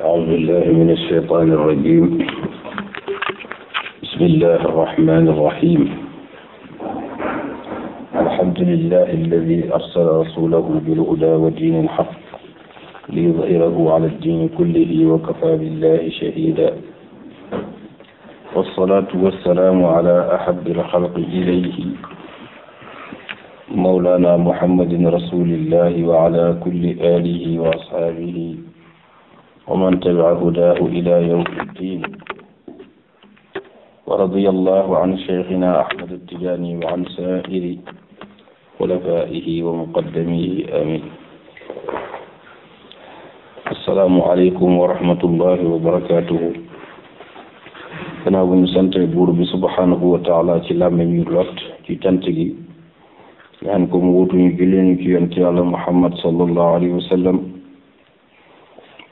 أعوذ بالله من الشيطان الرجيم بسم الله الرحمن الرحيم الحمد لله الذي أرسل رسوله بالهدى ودين الحق ليظهره على الدين كله وكفى بالله شهيدا والصلاة والسلام على أحب الخلق إليه مولانا محمد رسول الله وعلى كل آله وأصحابه ومن تبع هداه إلى يوم الدين ورضي الله عن شيخنا أحمد التجاني وعن سائر خلفائه ومقدميه آمين السلام عليكم ورحمة الله وبركاته gannaaw bu ñu sante buur bi subhanahu wa taala ci làmmiñ yu lot ci cant gi ñaan ko mu wutuñu julli ñu ci yonent yàlla muhammad sallallahu alayhi wa sallam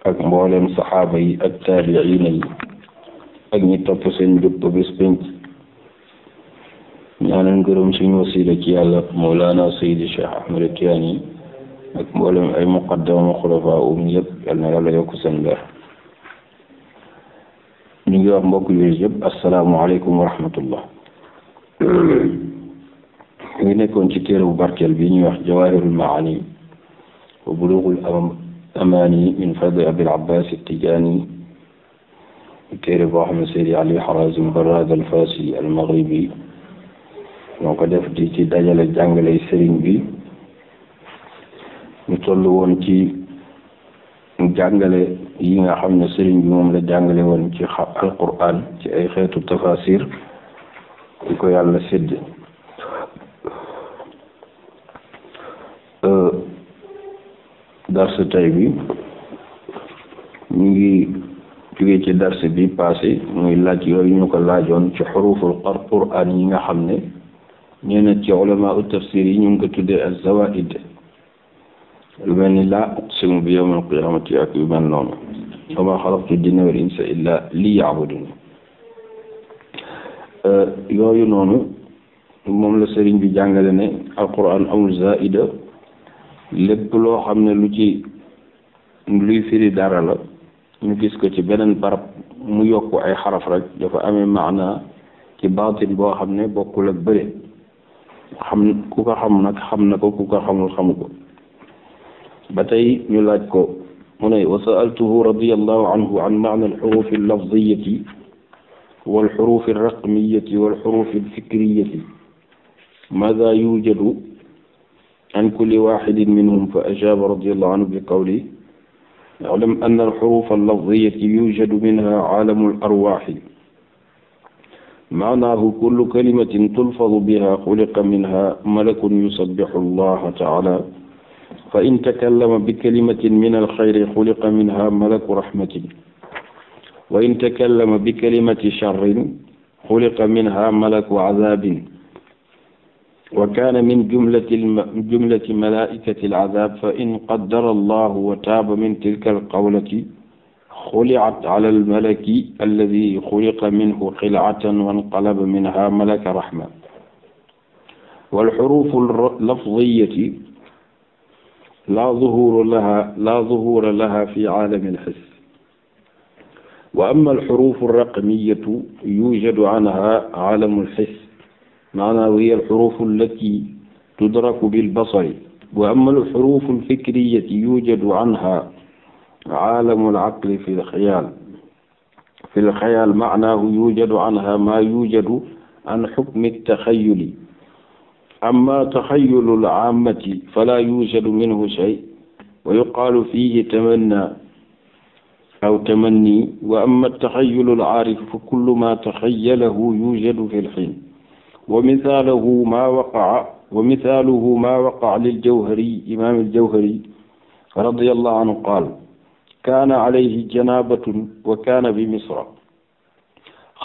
ak mboolem saxaaba yi ak taabiina yi ak ñi topp seen njub ba bis penc ñaanal ngërëm suñu wasila ci yàlla Mawlana Seydi Cheikh Ahmed ak mboolem ay muqaddama xulafaa um yëpp yal na yàlla yokk seen leer ñu ngi wax mbokk yooyu yëpp asalaamualeykum wa rahmatullah ñu ngi nekkoon ci téere bu bi ñuy wax jawaahirul maani wa buluugul amaani min fadli abil abbas tijaani téere boo xam ne Seydi Ali Harazim Barrada al Fasi al Maghribi ko def di ci dajale jàngale sëriñ bi ñu toll woon ci jàngale yi nga xam ne sëriñ bi moom la jàngale woon ci alquran ci ay xeetu tafasir di ko yàlla sédd darsu tay bi ñu ngi jóge ci dars bi passé muy laaj yooyu ñu ko laajoon ci xuruful qur'aan yi nga xam ne ñenn ci ulama tafsir yi ñu ngi ko tuddee ak zawaid lu mel ni laa uqsimu bi yawmil noonu yooyu noonu moom la sëriñ bi jàngale ne alquran amul zaida lépp loo xam ne lu ci luy firi dara la ñu gis ko ci beneen barab mu yokk ay xaraf rek dafa amee maana ci baatin boo xam ne bokkul ak bëre xam ku ko xam nag xam na ko ku ko xamul xamu ko ba tey ñu laaj ko mu ne wa saaltuhu radiallahu anhu an maana alxurufi allafdiyati walxurufi alraqmiyati walxurufi alfikriyati maada yujadu عن كل واحد منهم فأجاب رضي الله عنه بقوله اعلم أن الحروف اللفظية يوجد منها عالم الأرواح معناه كل كلمة تلفظ بها خلق منها ملك يسبح الله تعالى فإن تكلم بكلمة من الخير خلق منها ملك رحمة وإن تكلم بكلمة شر خلق منها ملك عذاب وكان من جملة الم... جملة ملائكة العذاب فإن قدر الله وتاب من تلك القولة خلعت على الملك الذي خلق منه خلعة وانقلب منها ملك رحمة والحروف اللفظية لا ظهور لها لا ظهور لها في عالم الحس وأما الحروف الرقمية يوجد عنها عالم الحس maanaa wa hiya alxurufu allati tudraku bilbasari wa ama alxurufu alfikriyati yujadu anha caalamu alcaqli fi lxiyaal fi lxiyaal macnaahu yujadu anha maa yujadu an xukmi altaxayuli ama taxayulu alcaamati falaa yujadu minhu shay wa yuqaalu fiihi tamanna aw tamanni wa ama altaxayulu alcaarif fa kullu maa taxayalahu yujadu fi lxiin wa misaaluhu maa waqaa wa misaaluhu maa waqaa liljawhari imaam aljawhari radiyallahu anhu qaal kaana alayhi janaabatun wa kaana bi misra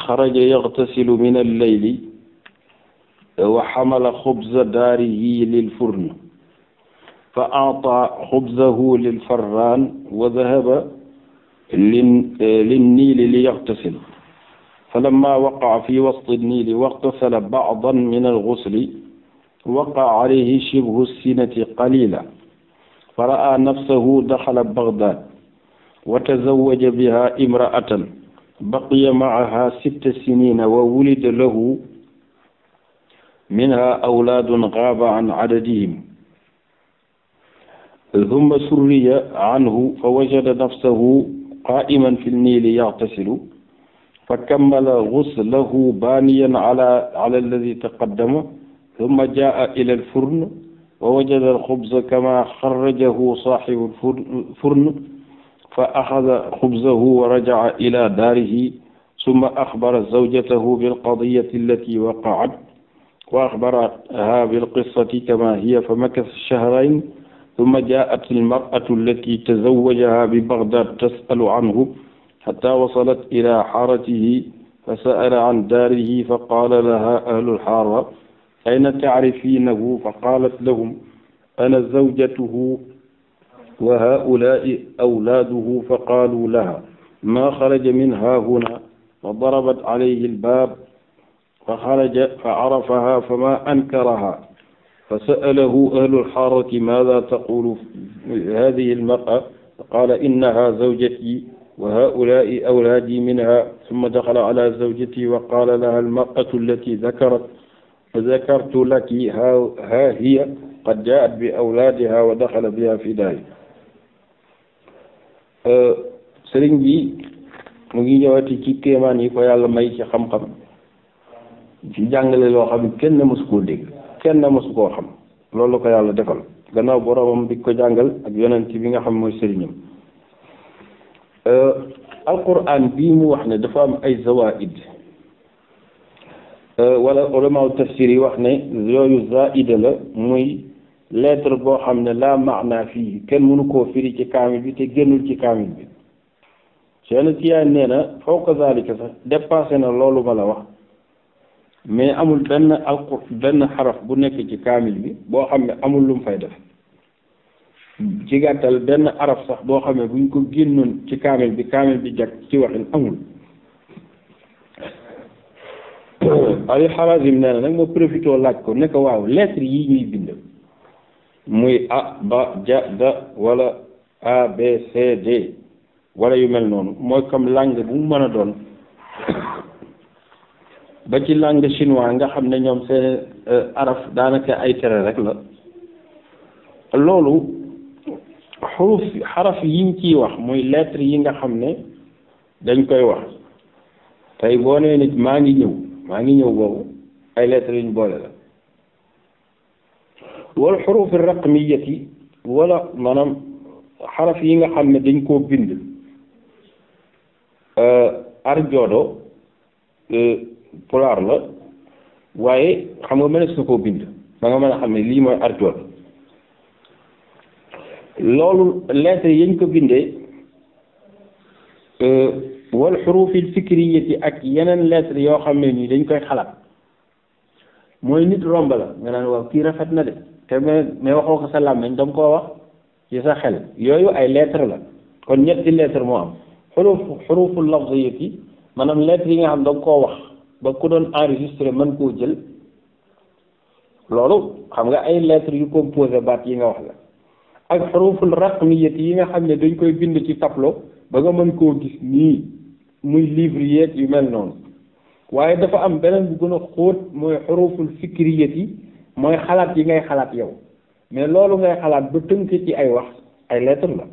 xaraja yagtasilu min alleyli wa xamala xubza daarihi lilfurn fa aataa xubzahu lilfarraan wa dahaba linniili liyagtasil فلما وقع في وسط النيل واغتسل بعضا من الغسل وقع عليه شبه السنة قليلا فرأى نفسه دخل بغداد وتزوج بها امرأة بقي معها ست سنين وولد له منها أولاد غاب عن عددهم ثم سري عنه فوجد نفسه قائما في النيل يغتسل fa kammala guslahu baaniyan ala ala alladi taqaddama summa jaa ila alfurn wa wajada alxubza kama xarrajahu saaxibu alfurn fa axada xubzahu wa rajaca ila daarihi summa axbara zawjatahu bilqadiyati allati waqacat wa axbaraha bilqissati kama hiya fa makasa shahrayn summa jaat almaratu allati tazawwajaha bi bagdaad tasalu anhu xataa wasalat ila xaaratihi fa sa'ala an daarihi fa qaala laha ahlu lxaara ayna tacrifiinahu fa qaalat lahum ana zawjatuhu wa haa'ulaa'i awlaaduhu fa qaaluu laha maa xaraja min haahuna fa darabat calayhi albaab fa xaraja fa carafahaa famaa ankarahaa fa sa'alahu ahlu lxaarati maadaa taquulu haadihi almar'a fa qaala innahaa zawjatii وهؤلاء أولادي منها ثم دخل على زوجتي وقال لها المرأة التي ذكرت فذكرت لك ها, ها هي قد جاءت بأولادها ودخل بها في ذلك sëriñ bi mu ngi ñëwati ci kéemaan yi ko yàlla may ci xam-xam ci jàngale loo xam kenn mësu koo dégg kenn mësu koo xam loolu la ko yàlla defal gannaaw boromam bi ko jàngal ak yonent bi nga xam mooy sëriñam Euh, alquran bii mu wax ne dafa am ay zawaid euh, walla ulama tafsir yi wax ne yooyu zaida la muy lettre boo xam ne la maana fii kenn mënu koo firi ci kaamil bi te gënul ci kaamil bi Cheikh Tijaan nee na fawqa zalika sax dépassé na loolu ma la wax mais amul benn alqur benn xaraf bu nekk ci kaamil bi boo xam ne amul lu mu fay def ci gàttal benn araf sax boo xamee ne buñ ko génnoon ci kaamil bi kaamil bi jag ci waxin amul Ali Harazim nee nag ma profitoo laaj ko ne waaw lettre yi ñuy bind muy a ba ja da wala a b c d wala yu mel noonu mooy comme lang bu mu mën a doon ba ci langue chinois nga xam ne ñoom seen euh, araf daanaka ay tere rek la loolu xuruf xaraf yiñ ciy wax muy lettre yi nga xam ne dañ koy wax tey boo nee nit maa ngi ñëw maa ngi ñëw boobu ay lettres yuñ boole la wala xuruf raqmiyati wala maanaam xaraf yi nga xam ne dañ koo bind euh, arjoodo euh, pulaar la waaye xam nga mënees na koo bind da nga mën a xam ne lii mooy arjodo loolu lettre yañ ko bindee euh, wal xurufil fikriyati ak yeneen lettre yoo xam ne nii dañ koy xalaat mooy nit romb la nga naan waaw kii rafet na de te mais mais waxoo ko sa làmmiñ da koo wax ci sa xel yooyu ay lettre la kon ñetti lettre moo am xuruf xuruful lafziyati maanaam lettre yi nga xam da koo wax ba ku doon enregistré mën koo jël loolu xam nga ay lettre yu composé baat yi nga wax la ak xaruful raqmiyat yi nga xam ne dañ koy bind ci tableau ba nga mën koo gis nii muy livre yeeg yu mel noonu waaye dafa am beneen bu gën a xóot mooy xaruful fikriyat yi mooy xalaat yi ngay xalaat yow mais loolu ngay xalaat ba tënk ci ay wax ay lettre la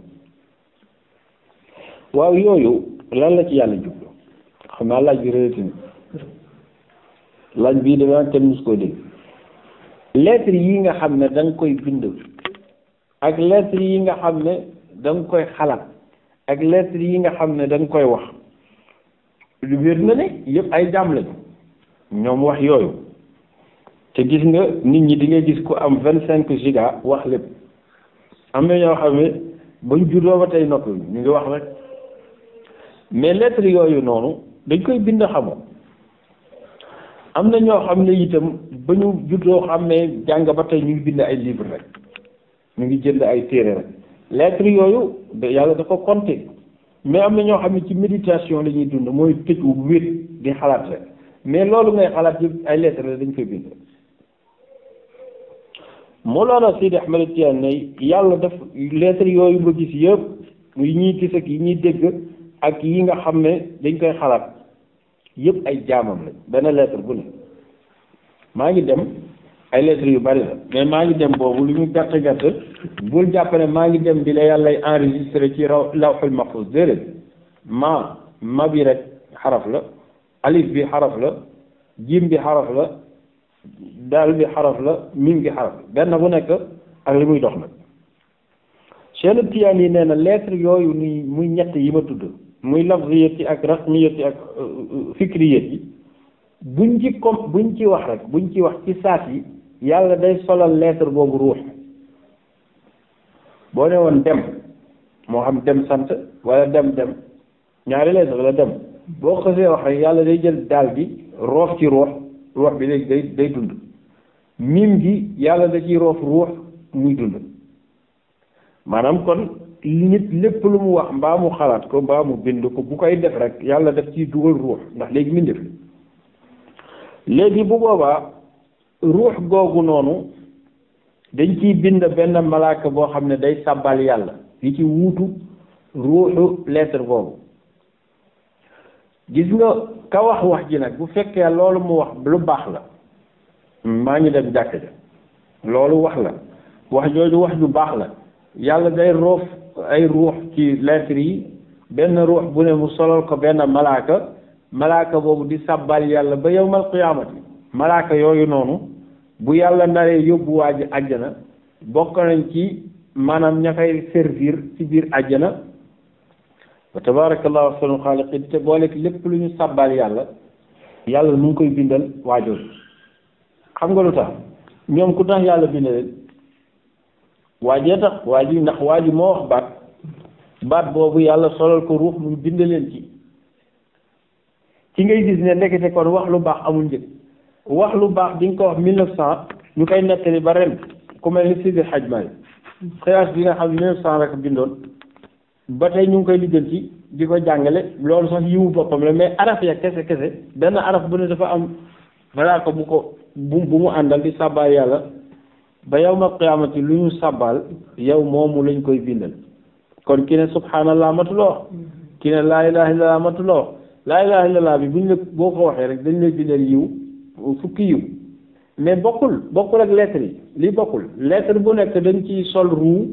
waaw yooyu lan la ci yàlla jublu xam naa laaj bi bii dafa kenn mus koo dégg lettre yi nga xam ne da nga koy bind ak lettre yi nga xam ne da koy xalaat ak lettre yi nga xam ne da koy wax lu wér na ne yëpp ay jaam lañu ñoom wax yooyu te gis nga nit ñi di nga gis ku am vingt cinq giga wax lépp am na ñoo xam ne bañ juddoo ba tey noppi ñu ngi wax rek mais lettre yooyu noonu dañ bind xamoo am na ñoo xam ne itam ba ñu juddoo xam ne jàng ba tey ñu bind ay livre rek ñu ngi jënd ay téere rek lettre yooyu yàlla da ko mais am na ñoo xam ne ci méditation la ñuy dund mooy tëju wéet di xalaat rek mais loolu ngay xalaat yëpp ay lettre la dañ koy bind Mawlana Seydi Ahmed Tidiane ne yàlla def lettre yooyu ma gis yëpp yi ñuy gis ak yi ñuy dégg ak yi nga xam ne dañ koy xalaat yëpp ay jaamam lañ benn lettre bu ne maa ngi dem ay lettres yu bari la mais maa ngi dem boobu lu ñu gàtt gàtt bul jàpp maa ngi dem bi la yàllay enregistré ci raw lawxul mahfuz déedéet ma ma bi rek xaraf la alif bi xaraf la jim bi xaraf la daal bi xaraf la mim bi xaraf benn bu nekk ak li muy dox nag Cheikh Tijaan yi nee na lettre yooyu ni muy ñett yi ma tudd muy lafziyat yi ak rasmiyat yi ak euh, euh, fikriyat yi buñ ci comme buñ ci wax rek buñ ci wax ci saat yi yàlla day solal lettre boobu ruux boo ne woon dem moo xam dem sant wala dem dem ñaari lettre wala dem boo xësee wax rek yàlla day jël daal gi roof ci ruux ruux bi léegi day day dund mim gi yàlla da ciy roof ruux muy dund maanaam kon nit lépp lu mu wax mbaa mu xalaat ko mbaa mu bind ko bu koy def rek yàlla daf ci dugal ruux ndax léegi mbindeef léegi bu boobaa ruux googu noonu dañ ciy bind benn malaaka boo xam ne day sàbbal yàlla li ci wuutu ruuxu lettre boobu gis nga ka wax wax ji nag bu fekkee loolu mu wax lu baax la maa ngi dem jàkk ja loolu wax la wax jooju wax ju baax la yàlla day roof ay ruux ci lettre yi benn ruux bu ne mu solal ko benn malaaka malaaka boobu di sàbbal yàlla ba yowmal qiyaamati malaaka yooyu noonu bu yàlla naree yóbbu waa ajjana àjjana bokk nañ ci maanaam ña koy servir ci biir àjjana wa tabarakallahu ahsanul xaaliqiin te booleeg lépp lu ñu sàbbaal yàlla yàlla nu koy bindal waajooju xam nga lu tax ñoom ku tax yàlla bindaleen waajee tax waaj yi ndax waaj moo wax baat baat boobu yàlla solal ko ruux mu bindaleen ci ci ngay gis ne ndekete kon wax lu baax amul njëg wax lu baax di nga ko wax mille neuf cent ñu koy nettali ba ren ku mel ni Sidi Hadj Malick xilaas bi nga xam ne mille rek bindoon ba tey ñu ngi koy lijjanti di ko jàngale loolu sax yiwu boppam la mais araf ya kese kese benn araf bu ne dafa am balaa ko bu ko bu bu mu àndal di sàbbaal yàlla ba yawmal qiyaamati lu ñu sàbbaal yow moomu lañ koy bindal kon ki ne subhanallah matuloo ki ne laa ilaha illallah matuloo laa ilaha illallah bi buñ la boo ko waxee rek dañ lay bindal yiw fukki yiw mais bokkul bokkul ak lettre yi lii bokkul lettre bu nekk dañ ci sol ruu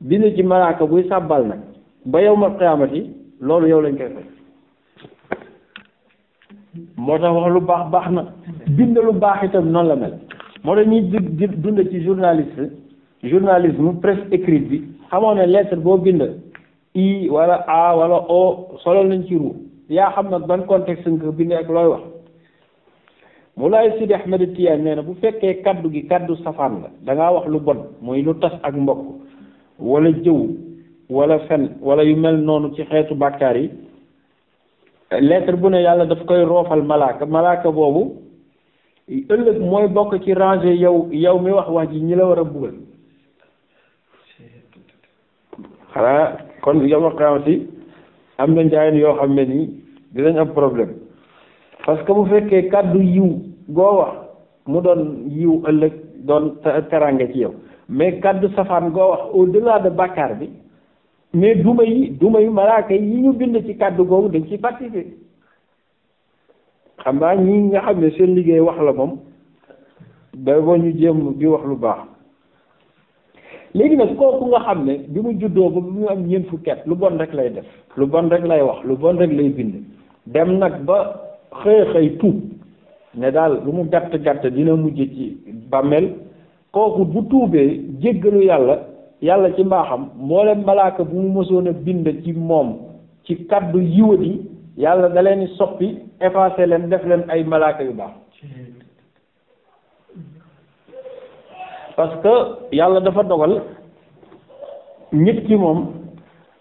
bind ci malaaka buy sàbbal nag ba yow ma xiyaamati loolu yow lañ koy fay moo tax wax lu baax baax na bind lu baax itam noonu la mel moo tax ñuy dund ci journaliste journalisme presse écrite bi xamoon ne lettre boo bind i wala a wala o solal nañ ci ruu yaa xam nag ban contexte nga ko bindee ak looy wax Moulaye Sidi Ahmed Tidiane nee na bu fekkee kàddu gi kàddu safaan la da ngaa wax lu bon mooy lu tas ak mbokk walla jëw walla fen wala yu mel noonu ci xeetu bàkkaar yi lettre bu ne yàlla daf koy roofal malaaka malaaka boobu ëllëg mooy bokk ci rangée yow yow mi wax wax ji ñi la war a buggal xanaa kon yoma xaam am na njaayen yoo xam ne nii dinañ am problème parce bu fekkee kàddu yiw goo wax mu doon yiw ëllëg doon teraanga ci yow mais kàddu safaan goo wax au delà de bàkkaar bi mais duma yi duma yu malaaka yi ñu bind ci kàddu googu dañ ci participer xam naa ñi nga xam ne seen liggéey wax la moom da boo ñu jéem di wax lu baax léegi nag kooku nga xam ne bi mu juddoo ba bi mu am ñeent fukki lu bon rek lay def lu bon rek lay wax lu bon rek lay bind dem nag ba xëy xëy tuub ne daal lu mu gàtt gàtt dina mujj ci bàmmeel kooku bu tuubee jéggalu yàlla yàlla ci mbaaxam mboolem malaaka bu mu mësoon a bind ci moom ci kàddu kaddu yi yàlla da leen soppi effacé leen def leen ay malaaka yu baax parce yàlla dafa dogal nit ki moom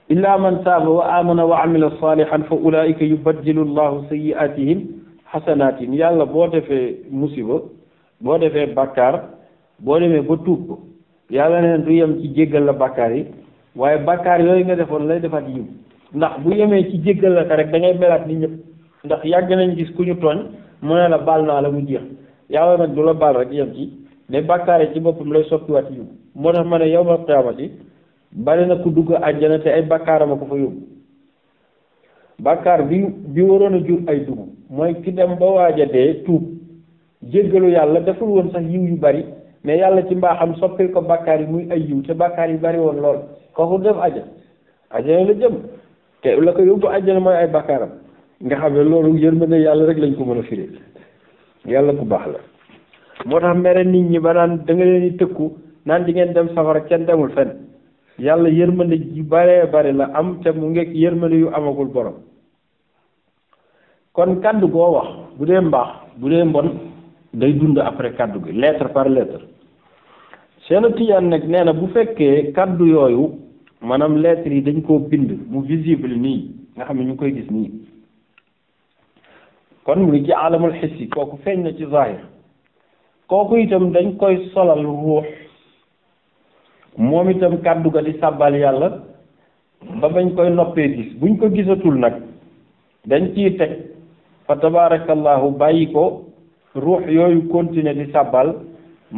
illa man saaba wa amana wa amila salihan fa ulaika yubaddilu llahu sayiatihim xasanaatin yàlla boo defee musiba boo defee bàkkaar boo demee ba tuub ko yàlla neen du yem ci jéggal la bakkaar yi waaye bàkkaar yooyu nga defoon lay defaat yiw ndax bu yemee ci jéggal la ka rek da ngay melaat ni ñëpp ndax yàgg nañ gis ku ñu tooñ mu ne la bal naa la mu jeex yàlla nag du la baal rek yem ci mais bàkkaar yi ci boppam lay soppiwaat yiw moo tax ma ne yow ma xiyaamati bari na ku dugg àjjana te ay bàkkaaram a ko fa yóbbu bàkkaar bi bi waroon a jur ay dugub mooy ki dem ba waaj a dee tuub jéggalu yàlla deful woon sax yiw yu bari mais yàlla ci mbaaxam soppil ko bàkkaar yi muy ay yiw te bàkkaar yi bari woon lool kooku dem aja ajana la jëm te la ko yóbbu ajana mooy ay bàkkaaram nga xam ne loolu yërmande yàlla rek lañ ko mën a firé yàlla ku baax la moo tax mere nit ñi ba naan da nga leen tëkku naan di ngeen dem safara kenn demul fenn yàlla yërmande yu baree bari la am te mu ngeeg yërmande yu amagul borom kon kaddu goo wax bu dee mbaax bu dee mbon day dund après kàddu gi lettre par lettre Seexna Tijaan nag nee na bu fekkee kaddu yooyu maanaam lettres yi dañ koo bind mu visible nii nga xam ne ñu ngi koy gis nii kon mu ngi ci alamul xissi kooku feeñ na ci zahir kooku itam dañ koy solal ruux moom itam kàddu ga di sàbbal yàlla ba bañ koy noppee gis buñ ko gisatul nag dañ ciy teg fa tabarakallahu bàyyi ko ruux yooyu continuer di sabbal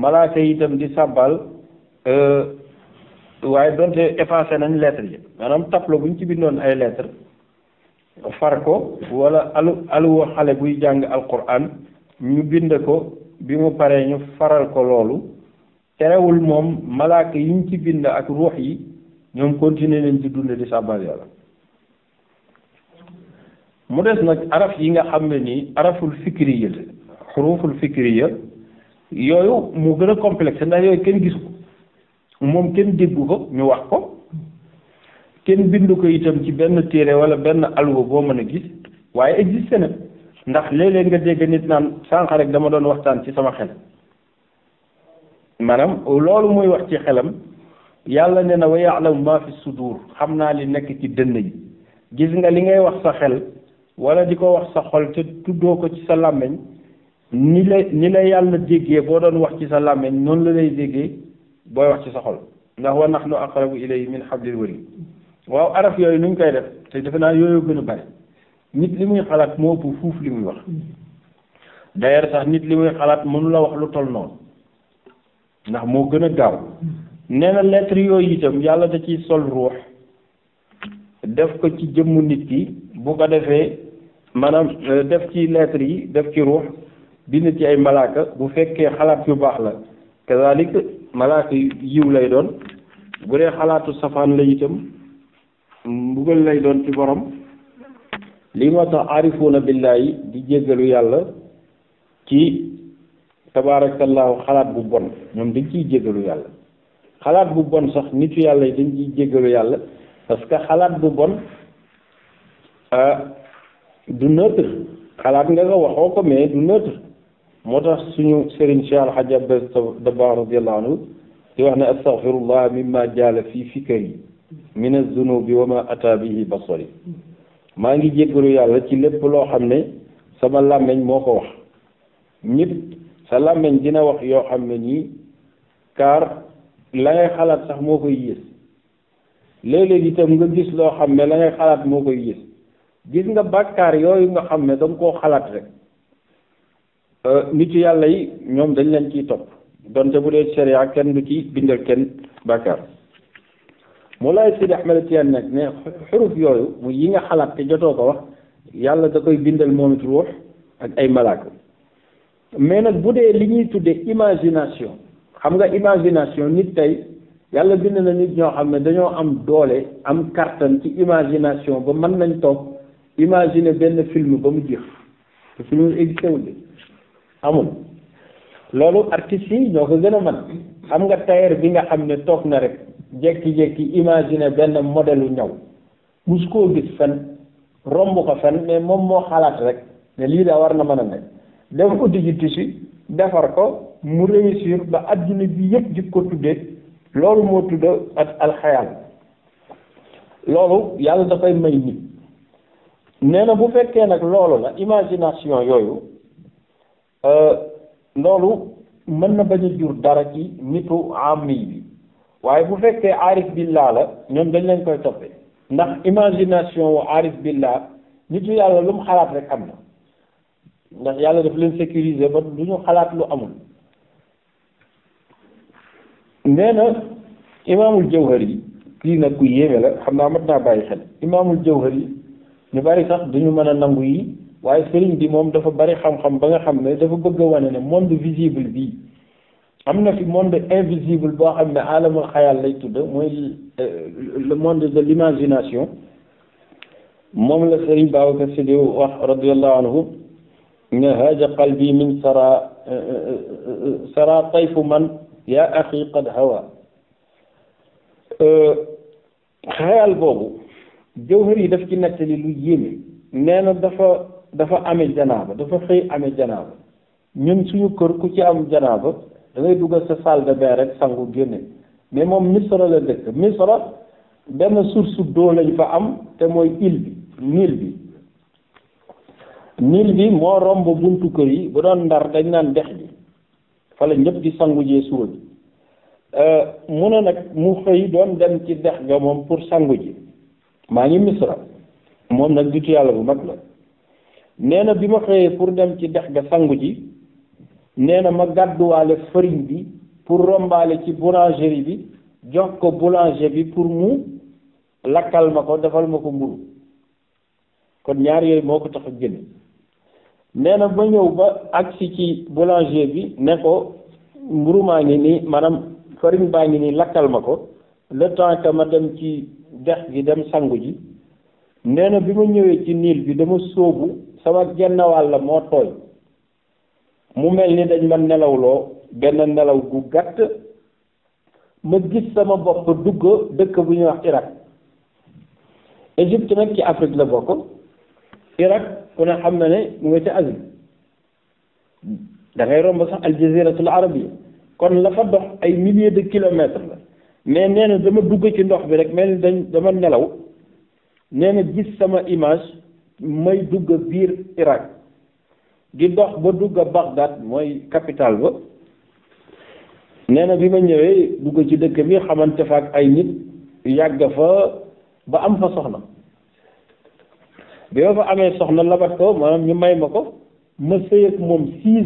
malaaka itam di sabbal euh, waaye donte effacé nañ lettre yi maanaam tableau bu ñu ci bindoon ay lettre far ko wala alu aluwa xale buy jàng alquran ñu bind ko bi mu paree ñu faral ko loolu terewul moom malaaka yiñ ci bind ak ruux yi ñoom continuer nañ ci dund di sabbal yàlla mu des nag araf yi nga xam ne nii araful fikriya xuruful fikriya yooyu mu gën a complexe ndax yooyu kenn gis ko moom kenn déggu ko ñu wax ko kenn bind ko itam ci benn téere wala benn alwa boo mën a gis waaye existe na ndax léeg nga dégg nit naan sànq rek dama doon waxtaan ci sama xel maanaam loolu muy wax ci xelam yàlla ne na wa yaalamu ma fi sudur xam naa li nekk ci dënn yi gis nga li ngay wax sa xel wala di ko wax sa xol te tuddoo ko ci sa làmmiñ ni la ni la yàlla déggee boo doon wax ci sa làmmiñ noonu la lay déggee booy wax ci sa xol ndax wa nahnu aqrabu ilayhi min hablil warid waaw araf yooyu nu ñu koy def te defe naa yooyu gën a bari nit li muy xalaat moo ëpp fuuf li muy wax d'ailleurs sax nit li muy xalaat mënula wax lu toll noonu ndax moo gën a gaaw nee na lettre yooyu itam yàlla da ciy sol ruux def ko ci jëmmu nit ki bu ko defee maanaam euh, def ci lettre yi def ci ruux bind ci ay malaaka bu fekkee xalaat yu baax la kazalik malaaka yiw lay doon bu dee xalaatu safaan la itam mbugal lay doon ci borom lii moo tax arifuuna billaahi di jéggalu yàlla ci tabaarakallaahu xalaat bu bon ñoom dañ ciy jéggalu yàlla xalaat bu bon sax nitu yàlla yi dañ ciy jéggalu yàlla parce xalaat bu bon ah du neutre xalaat nga ko waxoo ko mais du neutre moo tax suñu sëriñ Cheikh Al Hadj Abdel Dabakh radiyallahu di wax ne astaghfirullah mimma jaala fii fikri min az-zunubi wa ma ata bihi basari maa ngi jéggalu yàlla ci lépp loo xam ne sama làmmeñ moo ko wax nit sa làmmeñ dina wax yoo xam ne nii car la ngay xalaat sax moo koy yées léeg-léeg itam nga gis loo xam ne la ngay xalaat moo koy yées gis nga bàkkaar yooyu nga xam ne danga koo xalaat rek euh, nit yàlla yi ñoom dañ leen ciy topp donte bu dee sharia kenn du ci bindal kenn bàkkaar Moulay Sidi Ahmed Tidiane nag ne xuruf yooyu mu yi nga xalaat te jotoo ko wax yàlla da koy bindal moom it ruux ak ay malaaka mais nag bu dee li ñuy tuddee imagination xam nga imagination nit tey yàlla bind na nit ñoo xam ne dañoo am doole am kàttan ci imagination ba mën nañ toog imaginer benn film ba mu jeex te film existé wul amul loolu artistes yi ñoo ko gën a mën xam nga tailleur bi nga xam ne toog na rek jekki-jekki imaginer benn modèle ñaw mus koo gis fen romb ko fen mais moom moo xalaat rek ne lii daa war na mën a nekk dem uddi ji tissu defar ko mu réussir ba adduna bi yëpp di ko tuddee loolu moo tudda ak alxayal loolu yàlla dafay may nit nee na bu fekkee nag loolu la imagination yooyu euh, loolu mën na ba a jur dara ci nitu waaye bu fekkee aarif billah la ñoom dañ leen koy toppee ndax imagination wu aarif billah nitu yàlla lu mu xalaat rek am na ndax yàlla daf leen sécuriser ba du ñu xalaat lu amul nee na imaamul jawhari lii nag ku yéeme la xam naa mat naa bàyyi xel imaamul jawhari ñu bari sax duñu mën a nangu waaye sëriñ bi moom dafa bari xam-xam ba nga xam ne dafa bëgg a ne monde visible bii am na fi monde invisible boo xam ne alamul xayal lay tudd mooy euh, le monde de l'imagination moom la sëriñ Babacar Sy di wax radiallahu anhu ne haaja qalbi min sara euh, euh, sara tayfu man yaa axi qad hawa xayal boobu jawhar yi daf ci nettali lu yéeme nee na dafa dafa ame janaaba dafa xëy ame janaaba ñun suñu kër ku ci am janaaba dangay ngay dugal sa salle de bain rek sangu génne mais moom misra la dëkk misra benn source d'eau lañ fa am te mooy île bi niil bi niil bi moo romb buntu kër yi bu doon ndar dañ naan dex bi fa la ñëpp di sangu jee suba bi euh, mu ne nag mu xëy doon dem ci dex ga moom pour sangu ji maa ngi misra moom nag ditu yàlla bu mag la nee na bi ma xëyee pour dem ci dex ga sangu ji nee na ma gàdduwaale farine bi pour rombaale ci boulangerie bi jox ko boulanger bi pour mu lakkal ma ko defal ma ko mburu kon ñaar yooyu moo ko tax a génn nee na ba ñëw ba agsi ci boulanger bi ne ko mburu maa ngi nii maanaam farine baa ngi nii lakkal ma ko le temps ma dem ci dex gi dem sangu ji nee bi ma ñëwee ci niil bi dama sóobu sama genn wàll moo tooy mu mel ni dañ ma nelawloo benn nelaw gu gàtt ma gis sama bopp dugg dëkk bu ñuy wax Irak Égypte nag ci Afrique la bokk Irak ku ne xam na ne mu nga ca Asie da ngay romb sax aljaziratul arabia kon la fa dox ay milliers de kilomètres la mais neena dama dugg ci ndox bi rek mel ni dañ dama nelaw nee na gis sama image may dugg biir Irak di dox ba dugg Bagdad mooy capital ba nee na bi ma ñëwee dugg ci dëkk bi xamante fa ak ay nit yàgg fa ba am fa soxna bi ma fa amee soxna labat ko maanaam ñu may ma ko ma sëy ak moom six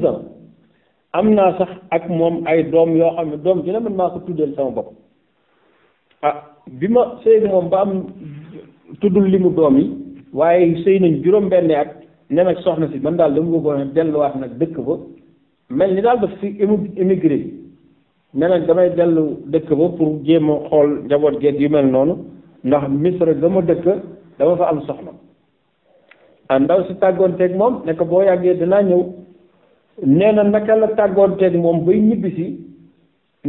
am naa sax ak moom ay doom yoo xam ne doom ji ne man maa ko tuddeel sama bopp ah bi ma sëy na moom ba am tuddul li mu doom yi waaye sëy nañ juróom benni at ne nag soxna si man daal dama bëggoon delluwaat nag dëkk ba mel ni daal daf fi émigré bi ne damay dellu dëkk ba pour jéem xool njaboot gen yu mel noonu ndax misra dama dëkk dama fa am soxna ah ndaw si tàggoonteeg moom ne ko boo yàggee dinaa ñëw nee na naka la tàggoonteeg moom bay ñibbisi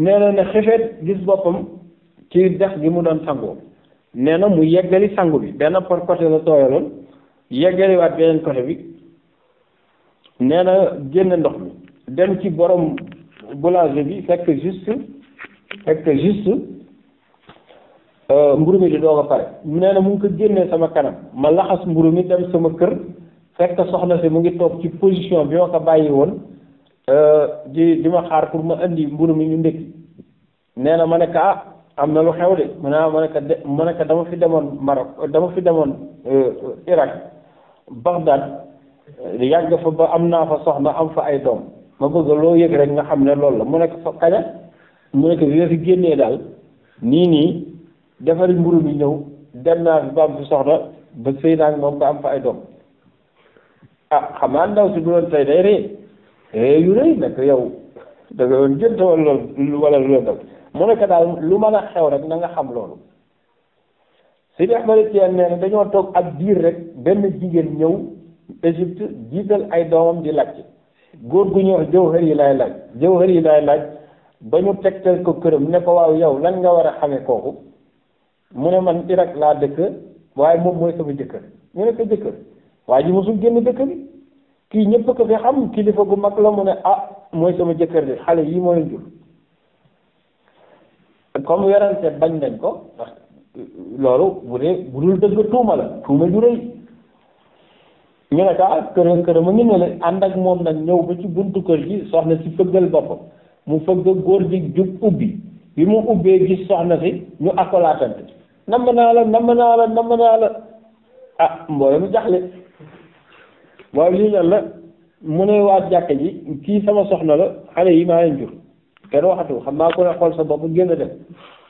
nee ne xefeet gis boppam ci dex gi mu doon sangoo nee na mu yeggali sangu bi benn por côté la tooyaloon yeggali waat beneen côté bi nee na génn ndox mi dem ci borom boulanger bi fekk juste fekk juste euh, mburu mi di doog a pare nee na mu ngi ko génnee sama kanam ma laxas mburu mi dem sama kër fekk soxna si mu ngi toog ci position bi ma ko bàyyi woon euh, di di ma xaar pour ma indi mburu mi ñu ndékki nee ma ne ah am na lu xew de mu ne ah, ma ne ko de ma ne ko dama fi demoon Maroc dama fi demoon euh, Irak Bagdad euh, yàgg fa ba am naa fa soxna am fa ay doom ma bëgg loo yëg rek nga xam ne loolu la mu ne ko fa kaña mu ne ko nii nii mburu bi ñëw dem naa fi ba am fi soxna ba sëy naa moom ba am ay doom ah, xam naa ndaw si bu doon tey day ree ree yu rëy nag yow da nga doon jënt wala loolu loolu mu nekk daal lu man a xew rek na nga xam loolu Sidi Ahmed Tidiane nee na dañoo toog ak diir rek benn jigéen ñëw Égypte jiital ay doomam di laaj góor gu ñuy wax jëwhër yi lay laaj jëwhër yi lay laaj ba ñu tegtal ko këram ne ko waaw yow lan nga war a xamee kooku mu ne man Irak laa dëkk waaye moom mooy sama jëkkër ñu ne ko jëkkër waa ji mosul génn dëkk bi kii ñëpp ko fi xam kilifa gu mag la mu ne ah mooy sama jëkkër de xale yi moo leen jur comme werante bañ nañ ko ndax euh, loolu bu dee bu dul dëgg tuuma la tuuma ju rëy ñu ne ko ah kër kër mu ngi ne la ànd ak moom nag ñëw ba ci buntu kër gi soxna si fëggal boppam mu fëgg góor gi jub ubbi bi mu ubbee gis soxna si ñu akkolaatante namm naa la namm naa la namm naa la ah mbooloo mu jaxle waaye lii lan la mu ne waa jàkka ji kii sama soxna la xale yi maa leen kenn waxatu xam naa ku ne xool sa bopp génn dem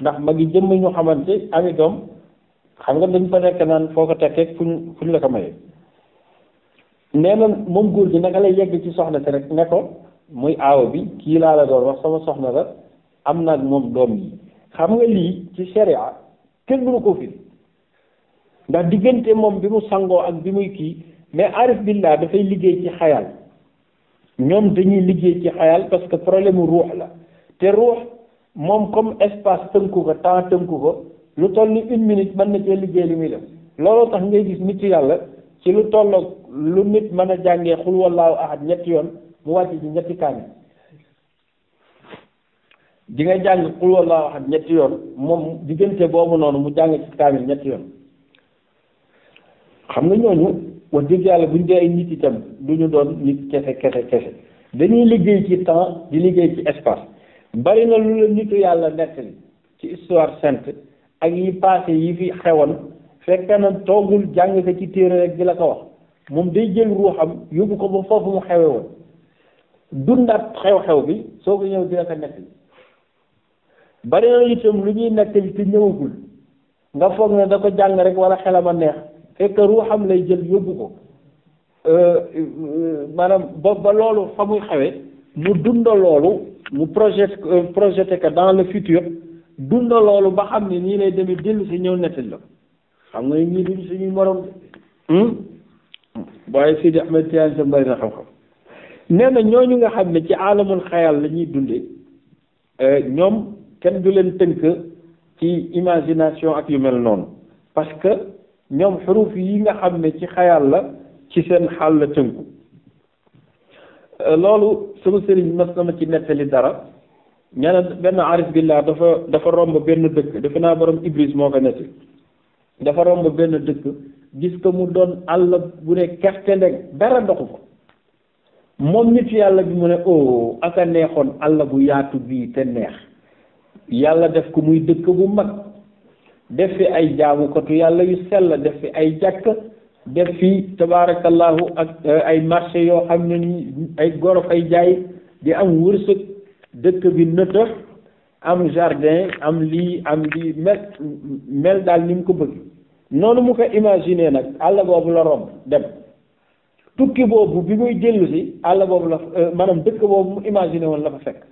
ndax ma yi jëmm ñu xamante ami doom xam nga dañ fa nekk naan foo ko tekkee fuñ fuñ la ko mayee nee na moom góor gi naka lay yegg ci soxna si rek ne ko muy aawa bi kii laa la doon wax sama soxna la am na moom doom yi xam nga lii ci sharia kenn du ko fi ndax diggante moom bi mu sangoo ak bi muy kii mais arif billah dafay liggéey ci xayal ñoom dañuy liggéey ci xayal parce que problème mu ruux la te ruux moom comme espace tënku ko temps tënku ko lu toll ni une minute mën na cee liggéey li muy def looloo tax ngay gis nit yàlla ci lu tolloog lu nit mën a jàngee xul wallaahu ahad ñetti yoon mu wàcc ci ñetti kaami nga jàng xul ñetti yoon moom diggante boobu noonu mu jàng ci kaamil ñetti yoon xam nga ñooñu wax dëgg yàlla buñ dee ay nit itam du doon nit kese kese kese dañuy liggéey ci temps di liggéey ci espace bari na lu la nitu yàlla nettali ci histoire sainte ak yi passé yi fi xewoon fekk na toogul jàng ko ci téere rek di la ko wax moom day jël ruuxam yóbbu ko ba foofu mu xewe woon dundaat xew-xew bi soo ko ñëw di la ko nettali bari na lu ñuy nettali te ñëwagul nga foog na da ko jàng rek wala xelam a neex fekk ruuxam lay jël yóbbu ko euh, euh, maanaam ba ba loolu fa muy xewe mu dunda loolu mu projet euh, projeté dans le futur dunda loolu ba xam ne nii lay demee dellu si ñëw nettali la xam nga ñii duñ suñuy morom hmm? waaye Sidi Ahmed Tidiane sa mbari na xam-xam nee ñooñu nga xam ne ci alamul xayal la ñuy dundee euh, ñoom kenn du leen tënk ci imagination ak yu mel noonu parce que ñoom xuruf yi nga xam ne ci xayal la ci seen xaal la tënku euh, loolu sama sëriñ mas na ma ci nettali dara ña benn arif billah dafa dafa romb benn dëkk defe naa borom ibris moo ko netti dafa romb benn dëkk gis ko mu doon àll bu ne kerte ndeg dara ndoxu fa moom nit yàlla bi mu ne o oh, aka neexoon àll bu yaatu bii te neex yàlla def ko muy dëkk bu mag def fi ay jaamukatu yàlla yu sell def fi ay jàkk def fii tabaarakallahu ak eh, ay marché yoo xam ne ay goro fay jaay di am wërsëg dëkk bi nëta am jardin am lii am lii mel mel daal ni mu ko bëgg noonu mu ko imagine nag àll boobu la romb dem tukki boobu bi muy dellu si àll boobu la eh, maanaam dëkk boobu mu imaginer woon la fa fekk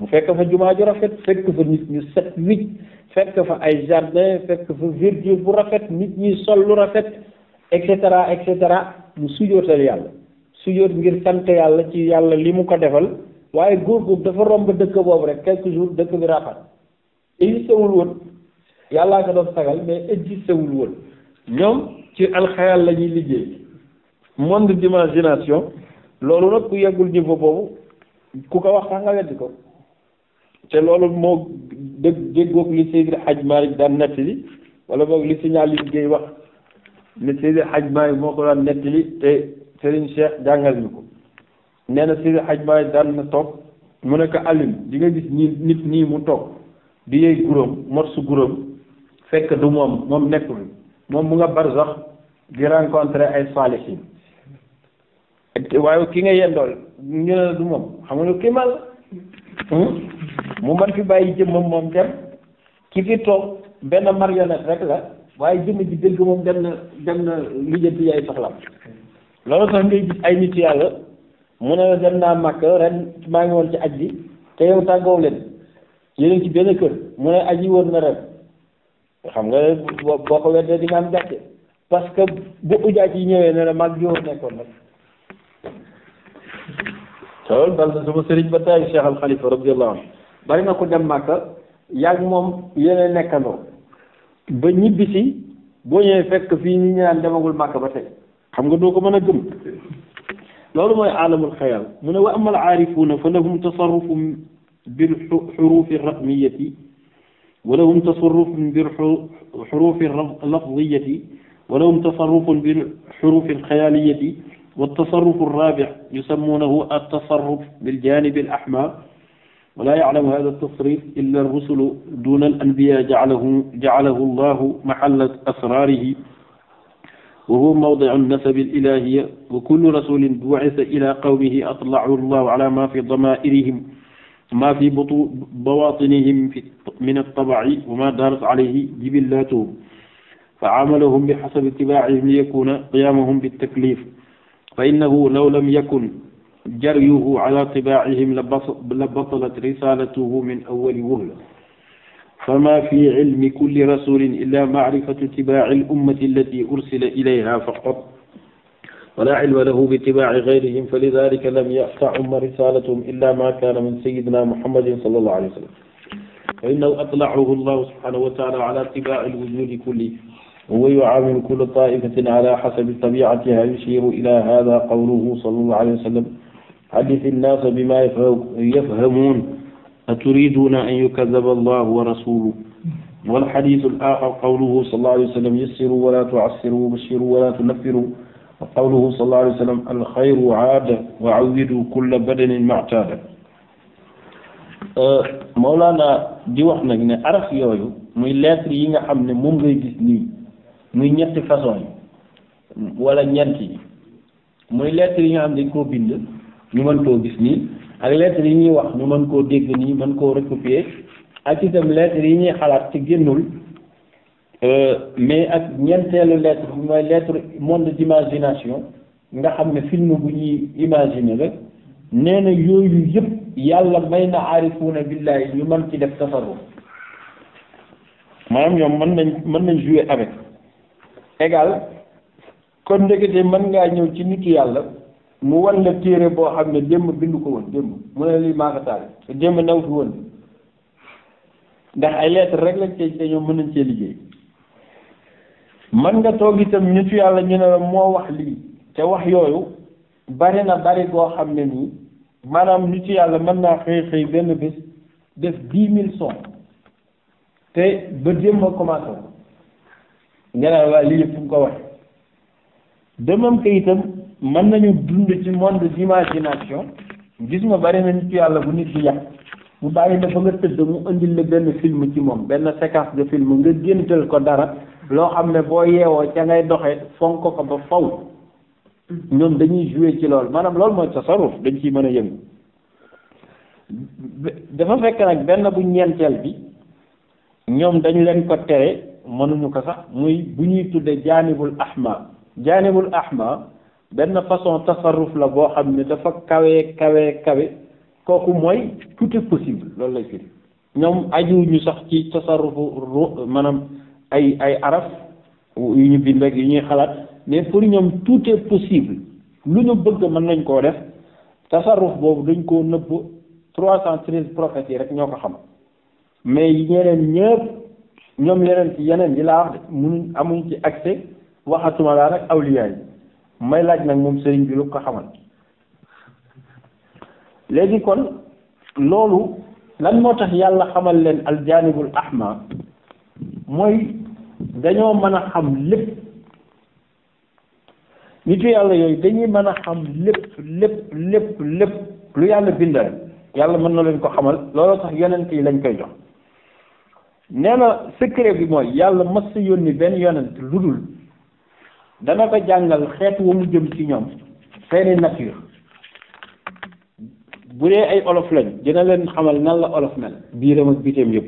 mu fekk fa jumaa ju rafet fekk fa nit ñu set wicc fekk fa ay jardin fekk fa verdure bu rafet nit ñi sol lu rafet et cetera et cetera mu sujootal yàlla sujoot ngir sant yàlla ci yàlla li mu ko defal waaye góor góor dafa romb dëkk boobu rek quelques jours dëkk bi rafet existé wul woon yàllaa ko doon sagal mais existé woon ñoom ci alxayal la ñuy liggéey monde d'imagination loolu nag ku yeggul niveau boobu ku ko wax sax ko te loolu moo dëgg déggoog li Seydi Hadj Malick daan nettali wala boog li Seydi Aliou Guèye wax ne Seydi Hadj Malick moo ko daan nettali te Serigne Cheikh jàngal ñu ko nee na Seydi Hadj Malick daan na toog mu ne ko Alioune di nga gis nii nit nii mu toog di yey guroom mot su fekk du moom moom nekkul moom mu nga barzax di rencontré ay saalihin waaye ki nga yendool ñu ne du moom xam nga lu kimal Hmm? mu man fi bàyyi jëmmam moom dem ki fi toog benn marionnette rek la waaye jëmm ji dëgg moom dem na dem na lijjanti yaay soxlam loolu tax ngay ay nit yàlla mu ne la dem naa màkk ren maa ngi woon ci aj bi te yow tàggoo leen yéen ci benn kër mu ne aji woon na ren xam nga boo ko weddee di nga am gàcce parce que bu ujaat yi ñëwee ne la mag ji nekkoon nag te loolu dal na sama sëriñ ba tey Cheikh Al Khalifa radiyallahu anhu bari na ko dem Màkka yàgg moom yeneen nekkandoo ba ñibbisi boo ñëwee fekk fii ñu naan demagul Màkka ba tey xam nga doo ko mën a gëm loolu mooy aalamul xayaal mu ne wa amal aarifuuna fa lahum tasarrufum bil xurufi ratmiyati wa lahum tasarrufum bil xurufi lafdiyati wa lahum tasarrufum bil xurufi xayaaliyati والتصرف الرابع يسمونه التصرف بالجانب الأحمى ولا يعلم هذا التصريف إلا الرسل دون الأنبياء جعله جعله الله محل أسراره وهو موضع النسب الإلهية وكل رسول بعث إلى قومه أطلعه الله على ما في ضمائرهم ما في بواطنهم من الطبع وما دارت عليه جبلاتهم فعاملهم بحسب اتباعهم ليكون قيامهم بالتكليف fa innahu law lam yakun jaryuhu ala tibaa'ihim la batalat risalatuhu min awali wuhla fama fi ilmi kulli rasulin illa maarifatu tibaaci lummati allati ursila ilayha faqat wala ilma lahu bi tibaaci gayrihim fa lidalika lam yaqtacumma risalatuhum illa ma kaana min sayidina muhammadin sal allahu alayhi wa sallam fa innahu atlacahu allahu subhanahu wa taala ala tibaaci lwujudi kulli ويعاون كل طائفة على حسب طبيعتها يشير إلى هذا قوله صلى الله عليه وسلم حدث الناس بما يفهمون أتريدون أن يكذب الله ورسوله والحديث الآخر قوله صلى الله عليه وسلم يسروا ولا تعسروا وبشروا ولا تنفروا وقوله صلى الله عليه وسلم الخير عاد وعودوا كل بدن ما اعتاد Mawlana di wax nag ne araf yooyu muy lettre yi nga xam ne moom ngay gis nii muy ñetti façon yi wala ñeent yi muy lettre yi nga xam dañ koo bind ñu mën koo gis nii ak lettre yi ñuy wax ñu mën koo dégg nii mën koo recopier ak itam lettre yi ñuy xalaat ci génnul euh, mais ak ñeenteelu lettre bi mooy lettre monde d'imagination nga xam ne film bu ñuy imaginer rek nee na yooyu yëpp yàlla may na aarifuuna billahi ñu mën ci def tasarruf maanaam ñoom mën nañ mën nañ jouer avec égal kon ndekete mën ngaa ñëw ci nitu yàlla mu wan la téere boo xam ne démb bindu ko woon démb mu ne lii maaka ko te démb naw woon ndax ay lettre rek lañ cee ñoom mën nañ cee liggéey mën nga toog itam nitu yàlla ñu ne la moo wax lii te wax yooyu bari na bari goo xam ne nii maanaam nitu yàlla mën naa xëy xëy benn bés def dix mille son te ba démb a commencé nga naan waa lii yëpp mu ko wax demam ka itam mën nañu dund ci monde d'imagination gis nga bari na nit yàlla bu nit di yàq mu bàyyi dafa fa nga tëdd mu indi la benn film ci moom benn séquence de film nga géntal ko dara loo xam ne boo yeewoo ca ngay doxee fonk ko ba faw ñoom dañuy jouer ci loolu maanaam lool mooy tasarruf dañ ciy mën a yëngu dafa fekk nag benn bu ñeenteel bi ñoom dañ leen ko tere mënuñu ko sax muy bu ñuy tudde jaanibul ahma jaanibul ahma benn façon tasarruf la boo xam ne dafa kawe kawe kawe kooku mooy tout est possible loolu lay firi ñoom ajuwuñu sax ci tasarrufu ru maanaam ay ay araf yu ñu bind ak yu ñuy xalaat mais pour ñoom tout est possible lu ñu bëgg mën nañ koo def tasarruf boobu dañ ko nëbb trois cent treize prophètes yi rek ñoo ko xam mais ñeneen ñëpp ñoom yeneen ci yeneen yi laa wax de mun amuñ ci accès waxatuma laa nag awliya may laaj nag moom sëriñ bi lu ko xamal léegi kon loolu lan moo tax yàlla xamal leen aljaanibul ahma mooy dañoo mën a xam lépp nitu yàlla yooyu dañuy mën a xam lépp lépp lépp lu yàlla bindal yàlla mën na leen ko xamal looloo tax yonent yi lañ koy jox nee na secret bi mooy yàlla mas sa yónni benn yonent lu dul dana ko jàngal xeet wa mu jëm ci ñoom seeni nature bu dee ay olof lañ dina leen xamal nan la olof mel biiram ak biteem yëpp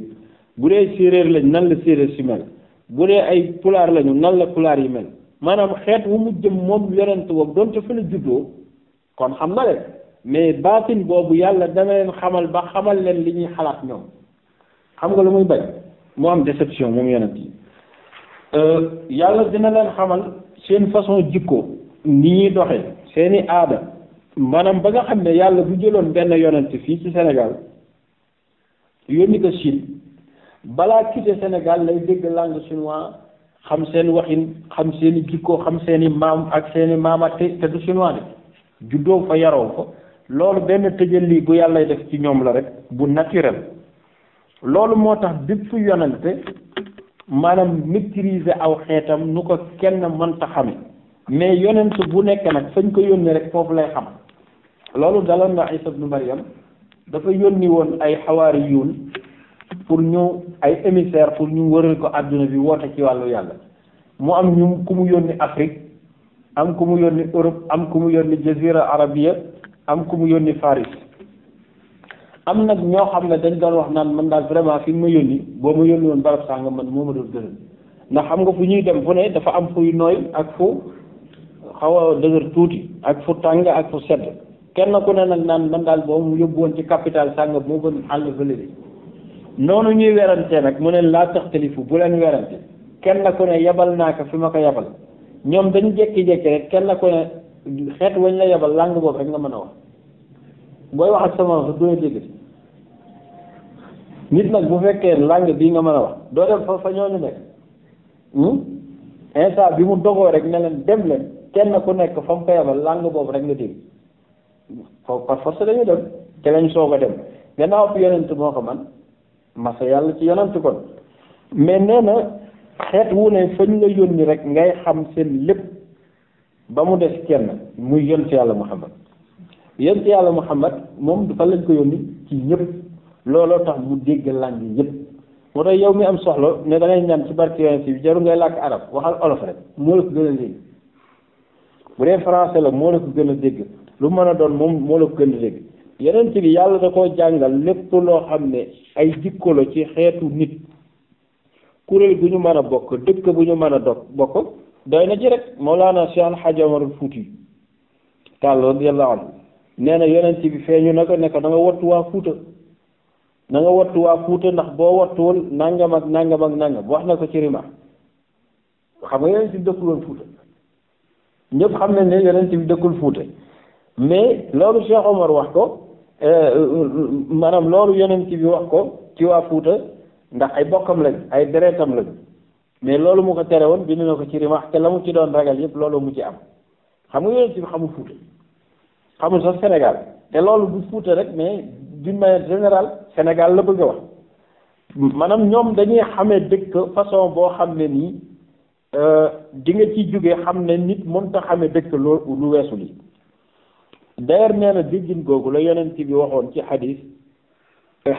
bu dee séeréer lañ nan la séeréer ci mel bu dee ay pulaar lañu nan la pulaar yi mel maanaam xeet wu mu jëm moom yonent boobu doon ca fa la juddoo kon xam na leen mais baatin boobu yàlla dana leen xamal ba xamal leen li ñuy xalaat ñoom xam nga lu muy bañ mu am déception moom yonent yi euh, yàlla dina leen xamal seen façon jikko ni ñuy doxee seeni aada maanaam ba nga xam ne yàlla bu jëloon benn yonent fii ci senegal yónni ko Chine balaa quitté Sénégal lay dégg langue chinois xam seen waxin xam seeni jikko xam seeni maam ak seeni maamaat te du chinois de juddoo fa yaroo fa loolu benn tëjal lii bu yàlla def ci ñoom la rek bu naturel loolu moo tax bépp yonante maanaam maîtriser aw xeetam nu ko kenn mënta xame mais yonent bu nekk nag fañ ko yónni rek foofu lay xam loolu daloon na Isa ibnu Maryam dafa yónni woon ay xawaari yuun pour ñu ay émissaire pour ñu wëral ko àdduna bi woote ci wàllu yàlla mu am ñu ku mu yónni Afrique am ku mu yónni Europe am ku mu yónni jazira arabia am ku mu yónni Faris am nag ñoo xam ne dañ doon wax naan mën daal vraiment fi ma yónni boo ma yónni woon barab sànga man moo ma doon gënal ndax xam nga fu ñuy dem fu ne dafa am fuy nooy ak fu xaw a dëgër tuuti ak fu tàng ak fu sedd kenn ku ne nag naan man daal boo mu yóbbu woon ci capital sànga moo gën àll bële noonu ñuy werante nag mu leen laa taxtalifu bu leen werante kenn ku ne yebal naa ko fi ma ko yebal ñoom dañ jékki-jékki rek kenn ku ne xeet wañ la yebal langue boobu rek nga mën a wax booy wax ak sama doo dégg nit nag bu fekkee langue bii nga mën a wax doo dem fa fa ñooñu nekk hmm? instant bi mu dogoo rek ne dem leen kenn ku nekk fa mu ko yabal langue boobu rek nga dégg foofu par force dañu dem te lañ soog a dem gannaaw bi yonent moo ko man masa yàlla ci yonent kon mais nee na xeet wu ne fañ la yónni rek ngay xam seen lépp ba mu des kenn muy yonent yàlla muhammad yonent yàlla muhammad moom fan lañ ko yónni ci ñëpp looloo tax mu dégg langue yëpp moo tax yow mi am soxla ne da ngay ñaan ci barke yonent bi jarul ngay làkk arab waxal olof rek moo la ko gën a dégg bu dee français la moo la ko gën a dégg lu mën a doon moom moo la ko gën a yonent bi yàlla da koo jàngal lépp loo xam ne ay jikko la ci xeetu nit kuréel gu ñu mën a bokk dëkk bu ñu mën a dog bokk doy na ci rek Mawlaana Cheikh Al Hadj Omar Fuuti Taal radiyallahu anhu nee na yonent bi feeñu na ko ne ko wattu waa Fuuta na nga wattu waa Fuuta ndax boo wattuwul nangam ak nangam ak nangam wax na ko ci rima xam nga yonent bi dëkkul woon Fuuta ñëpp xam nañ ne yonent bi dëkkul Fuuta mais loolu Cheikh Omar wax ko euh, euh, maanaam loolu yonent bi wax ko ci waa Fuuta ndax ay bokkam lañ ay deretam lañ mais loolu mu ko tere woon bind na ko ci rima te la mu ci doon ragal yëpp loolu mu ci am xam nga yonent bi xamul Fuuta xamul sax Sénégal te loolu du Fuuta rek mais d'une manière générale Sénégal la bëgg a wax maanaam ñoom dañuy xamee dëkk façon boo xam ne nii euh, di nga ci jóge xam ne nit mënta xamee dëkk loolu lu weesu li d'ailleurs nee na déggin googu la yonent bi waxoon ci xadis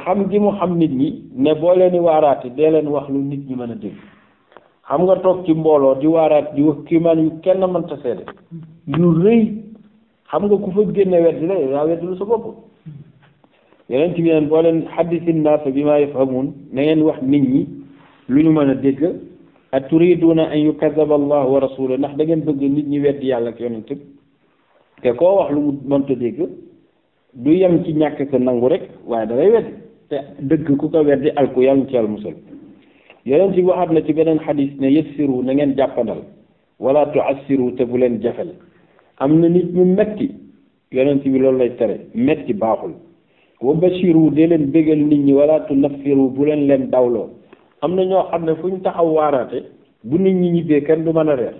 xam gi mu xam nit ñi ne boo leen di waaraati dee leen wax lu nit ñi mën a dégg xam nga toog ci mbooloo di waaraat di wax kiimaan yu kenn mënta seede yu rëy xam nga ku fa génne wet la yaa wetlu sa bopp yeneen ci biir boo leen xaddisi naasa bi maa yafhamuun na ngeen wax nit ñi lu ñu mën a dégg a turiduuna an yukazaba allah wa rasuluhu ndax da ngeen bëgg nit ñi weddi yàlla ak yonent bi te koo wax lu mu mënta dégg du yem ci ñàkk ko nangu rek waaye dafay weddi te dëgg ku ko weddi alku yàlla ci yàlla musal yeneen ci waxaat na ci beneen xadis ne yassiru na ngeen jàppandal wala tuassiru te bu leen jafel am na nit ñu metti yonent bi loolu lay tere metti baaxul wa bashiru dee leen bégal nit ñi wala tunaffiru bu leen leen dawloo am na ñoo xam ne fu ñu taxaw waaraate bu nit ñi ñibbee kenn du mën a reer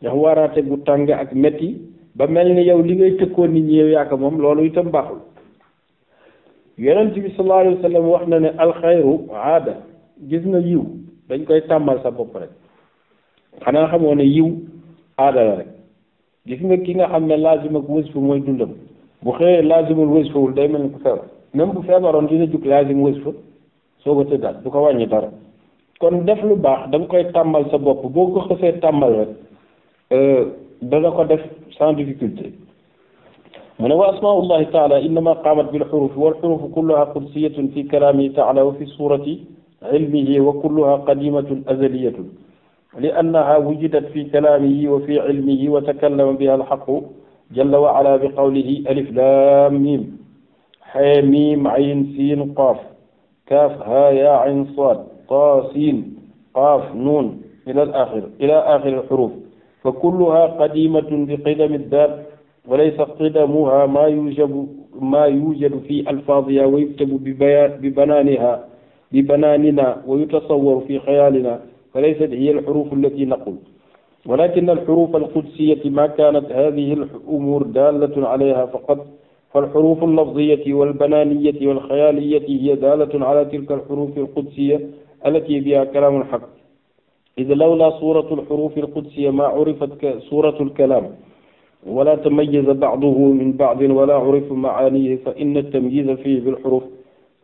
ndax waaraate gu tàng ak metti ba mel ni yow li ngay tëkkoo nit ñi yow yaaka moom loolu itam baaxul yonent bi sallallahu wa sallam wax na ne alxayru aada gis na yiw dañ koy tàmmal sa bopp rek xanaa xamoo ne yiw aada rek gis nga ki nga xam ne laazima ak wës mooy dundam bu xëyee laazimul wësfawul day mel ni ku feebar même bu feebaroon dina jug laazim wësfa soo ko tëddaat du ko wàññi dara kon def lu baax da nga koy tàmmal sa bopp boo ko xësee tàmmal rek euh, dana ko def sans difficulté mu ne wa asmaullahi taala innama qaamat bil xurufi wal xurufu kulluha qudsiyatun fi kalaamihi taala wa fi surati ilmihi wa kulluha qadimatun azaliyatun li annaha wujidat fi kalaamihi wa fi ilmihi wa takallama biha alxaqu jalla wa ala bi qawlihi alif lam mim xee miim ayn siin qaaf kaaf haa yaa ayn saad taa siin qaaf nuun ila alaxir ila axiri alxuruf fa kulluha qadimatun bi qidami daat wa laysa qidamuha maa yujabu maa yujadu fi alfaadiha wa yuktabu bi banaaniha bi banaanina wa yutasawwaru fi xayaalina fa laysat hiya alxuruf allati naqul ولكن الحروف القدسية ما كانت هذه الأمور دالة عليها فقط فالحروف اللفظية والبنانية والخيالية هي دالة على تلك الحروف القدسية التي بها كلام الحق إذ لولا صورة الحروف القدسية ما عرفت صورة الكلام ولا تميز بعضه من بعض ولا عرف معانيه فإن التمييز فيه بالحروف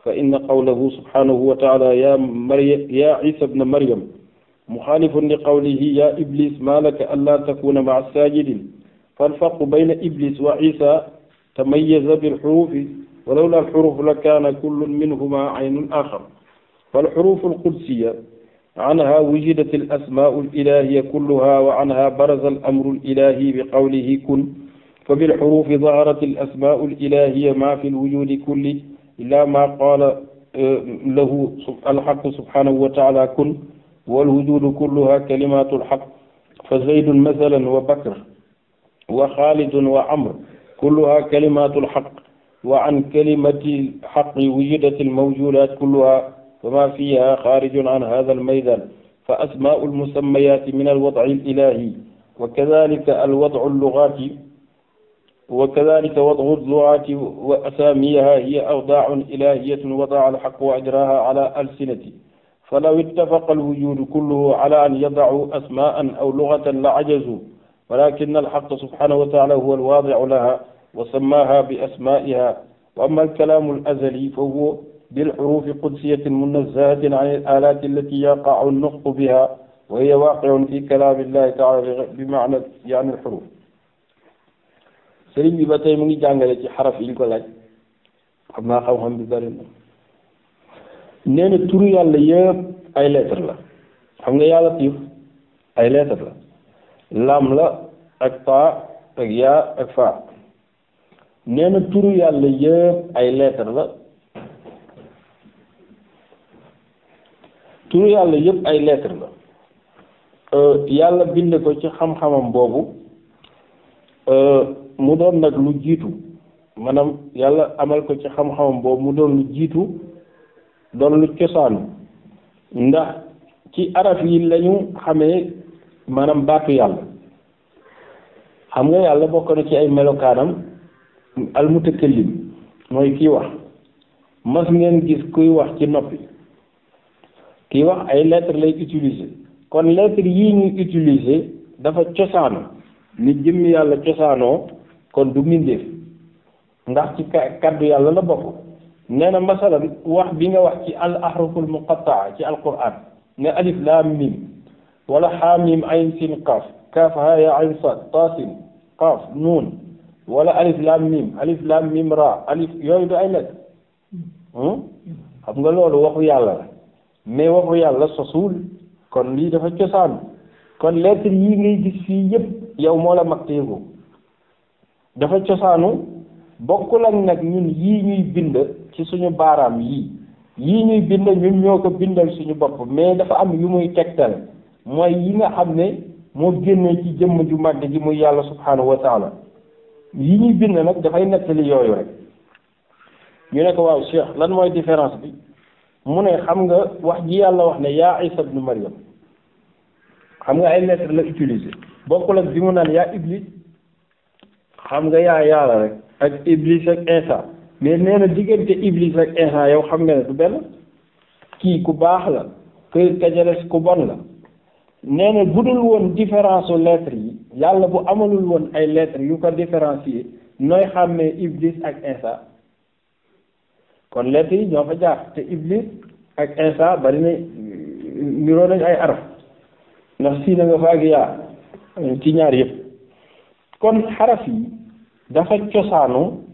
فإن قوله سبحانه وتعالى يا, مريم يا عيسى ابن مريم muxaalifun li qawlihi ya iblis ma laka an laa takuna maa saajidin falfarqu bayna iblis wa isa tamayaza bilxurufi walawla alxuruf la kaana kullun minhuma aynun axar falxurufu alqudsiya anha wujidat alasmaau alilahiya kulluha wa anha baraza alamru alilahi biqawlihi kun fa bilxurufi daharat alasmaau alilahiya ma fi lwujudi kulli illa ma qaala lahu alxaqu subhanahu wa taala kun والوجود كلها كلمات الحق فزيد مثلا وبكر وخالد وعمر كلها كلمات الحق وعن كلمة الحق وجدت الموجودات كلها فما فيها خارج عن هذا الميدان فأسماء المسميات من الوضع الإلهي وكذلك الوضع اللغاتي وكذلك وضع اللغات وأساميها هي أوضاع إلهية وضع الحق وأجراها على ألسنة falaw ittafaqa alwujudu kulluhu ala an yadacu asmaan aw lugatan la ajazu walakin alxaqa subhanahu wa taala huwa alwaadicu laha wa sammaha bi asmaiha wa ama alkalaamu alazali fa huwa bilxurufi qudsiyatin munazahatin an alaalaati allati yaqacu nutqu biha wa hiya waaqicun fi kalaami illahi taala bi maana yaani alxuruf sëriñ bi ba tey mu ngi jàngale ci xaraf yi ñu ko laaj xam naa xam-xam bi bëri na nee turu yàlla yëpp ay lettre la xam nga yàlla tiif ay lettre la laam la ak paa ak yaa ak faa nee na turu yàlla yëpp ay lettre la turu yàlla yépp ay lettre la euh, yàlla bind ko ci xam-xamam boobu euh, mu doon nag lu jiitu maanaam yàlla amal ko ci xam-xamam boobu mu doon lu jiitu doon lu cosaanu ndax ci arab yi lañu xamee maanaam baatu yàlla xam nga yàlla bokk na ci ay melokaanam almutakallim mooy kii wax mas ngeen gis kuy wax ci noppi kii wax ay lettre lay utiliser kon lettre yii ñuy utiliser dafa cosaanu ni jëmm yàlla cosaanoo kon du mbindeef ndax ci kàddu yàlla la bokk nee na masala wax bi nga wax ci al ahruful muqattaa ci alquran ne alif laam mim wala xaamim ayn sin qaaf kaaf haa yaa ayn saad taasin qaaf nuun alif laam mim alif laam mim raa alif yooyu du ay nekk hmm? xam nga loolu waxu yàlla la mais waxu yàlla sosul kon lii dafa cosaan kon lettre yi ngay gis fii yépp yow moo la mag teegu dafa cosaanu bokkul ak nag ñun yii ñuy bind ci suñu baaraam yii yii ñuy bind ñun ñoo ko bindal suñu bopp mais dafa am yu muy tegtal mooy yi nga xam ne moo génnee ci jëmm ju màgg ji muy yàlla subhanahu wa taala yi ñuy bind nag dafay nettali yooyu rek ñu ne ko waaw Cheikh lan mooy différence bi mu ne xam nga wax ji yàlla wax ne yaa Isa ibnu Maryam xam nga ay lettres la utiliser bokkul ak bi mu naan yaa Iblis xam nga yaa yàlla rek ak Iblis ak Isa mais nee diggante Iblis ak Insa yow xam nga ne du benn kii ku baax la kër kajales ku bon la nee bu dul woon différence u lettres yi yàlla bu amalul woon ay lettres yu ko différencier nooy xàmmee Iblis ak Insa kon lettres yi ñoo fa jaar te Iblis ak Insa bari na niroo nañ ay araf ndax sii na nga faag yaa ci ñaar yëpp kon xaraf yi dafa cosaanu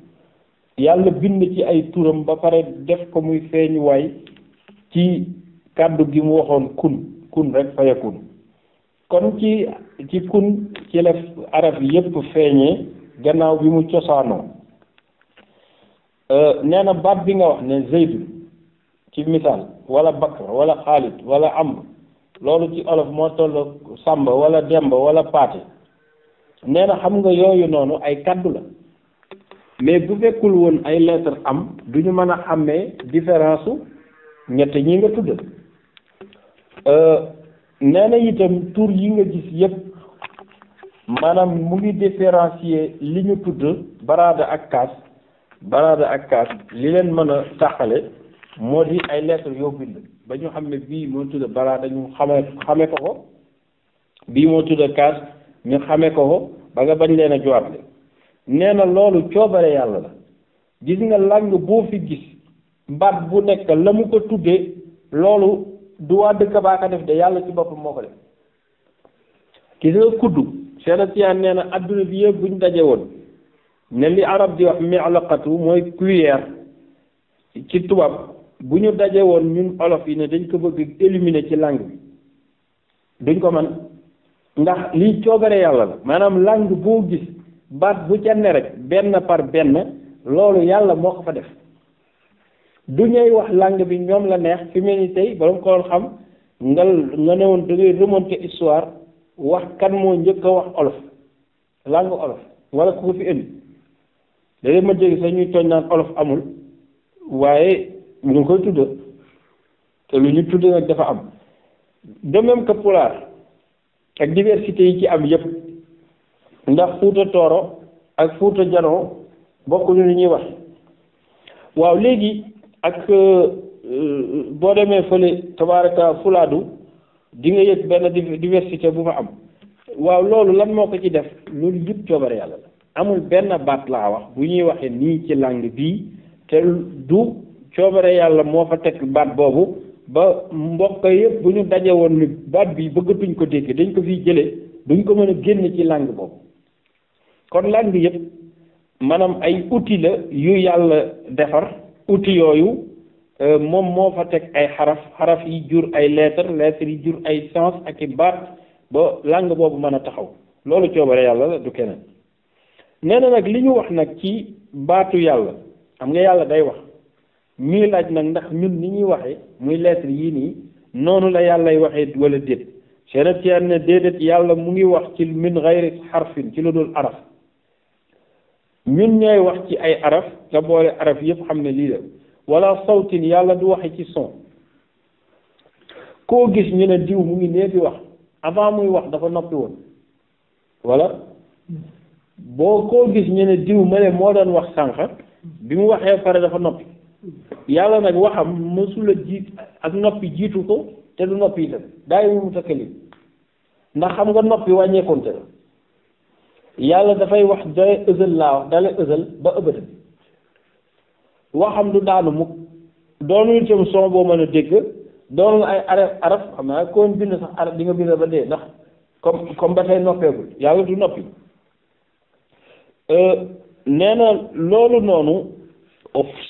yàlla bind ci ay turam ba pare def ko muy feeñ waay ci kàddu gi mu waxoon kun kun rek fayakun kon ci ci kun ci la arab yépp feeñee gannaaw bi mu cosaanoo euh, nee na baat bi nga wax ne zeydu ci misaal wala bakar wala xaalit wala amr loolu ci olof moo toll sàmba wala demba wala paate nee xam nga yooyu noonu ay kàddu la mais bu fekkul woon ay lettre am du ñu mën a xàmmee différence ñett ñi nga tudd euh, nee na itam tur yi nga gis yépp maanaam mu ngi différencier li ñu tudd baraada ak kaas baraada ak kaas li leen mën a tàqale moo di ay lettre yoo bind ba ñu xam ne bii moo tudd baraada ñu xamee xame ko ko bii moo tudd kaas ñu xame ko ko ba nga bañ leen a jowaat nee na loolu coobare yàlla la gis nga làng boo fi gis mbaat bu nekk la mu ko tuddee loolu du waa dëkk baa ko def de yàlla ci boppam moo ko def gis nga kudd Cheikh Tijaan nee na adduna bi yëpp buñ daje woon ne li arab di wax mi'laqatu mooy cuillère ci tubaab bu ñu daje woon ñun olof yi ne dañ ko bëgg éliminer ci langue bi duñ ko man ndax lii coobare yàlla la maanaam langue boo gis baat bu ca rek benn par benn loolu yàlla moo ko fa def du ñuy wax langue bi ñoom la neex fi mel ni tey borom ko xam nga nga ne woon da ngay histoire wax kan moo njëkk a wax olof langue olof wala ku ko fi indi léeg ma dégg sax ñuy tooñ naan olof amul waaye ñu ngi koy tudd te lu ñu tudd nag dafa am de même que pulaar ak diversité yi ci am yëpp. ndax fuuta tooro ak fuuta janoo bokkuñu li ñuy wax waaw léegi ak euh, euh, boo demee fële tabaraka fulaadu di nga yëg benn diversité bu ma am waaw loolu lan moo ko ci def loolu yëpp coobar yàlla la amul benn baat laa wax bu ñuy waxee nii ci langue bii te du coobare yàlla moo fa teg baat boobu ba mbokk yëpp bu ñu daje woon ni baat bi bëggatuñ ko dégg dañ ko fiy jëlee duñ ko mën a génn ci langue boobu kon langue yëpp maanaam ay outil la yu yàlla defar outil yooyu euh, moom moo fa teg ay xaraf xaraf yi jur ay lettre lettre yi jur ay sens ak i baat ba langue boobu mën a taxaw loolu coobare yàlla la du keneen nee nag li ñu wax nag ci baatu yàlla xam nga yàlla day wax ñuy laaj nag ndax ñun ni ñuy waxee muy lettre yii nii noonu la yàllay waxee wala déet seen yàlla mu ngi wax ci min gayri xarfin ci lu dul araf ñun ñooy wax ci ay araf te boole araf yëpp xam ne lii la wala sawtin yàlla du waxe ci son koo gis ñu ne diw mu ngi nee di wax avant muy wax dafa noppi woon wala boo koo gis ñu ne diw ma ne moo doon wax sànq bi mu waxee pare dafa noppi yàlla nag waxam mësula jiit ak noppi jiitu ko te du noppi itam daay mu mu takkalim ndax xam nga noppi wàññeekonte la yàlla dafay wax dale ësël laa wax dale ësël ba ëbëta waxam du daanu mu doonul itam son boo mën a dégg doonul ay araf araf xam naa koon bind sax araf di bind ba dee ndax comme comme ba tey noppeegul yàlla du noppi euh, nee na loolu noonu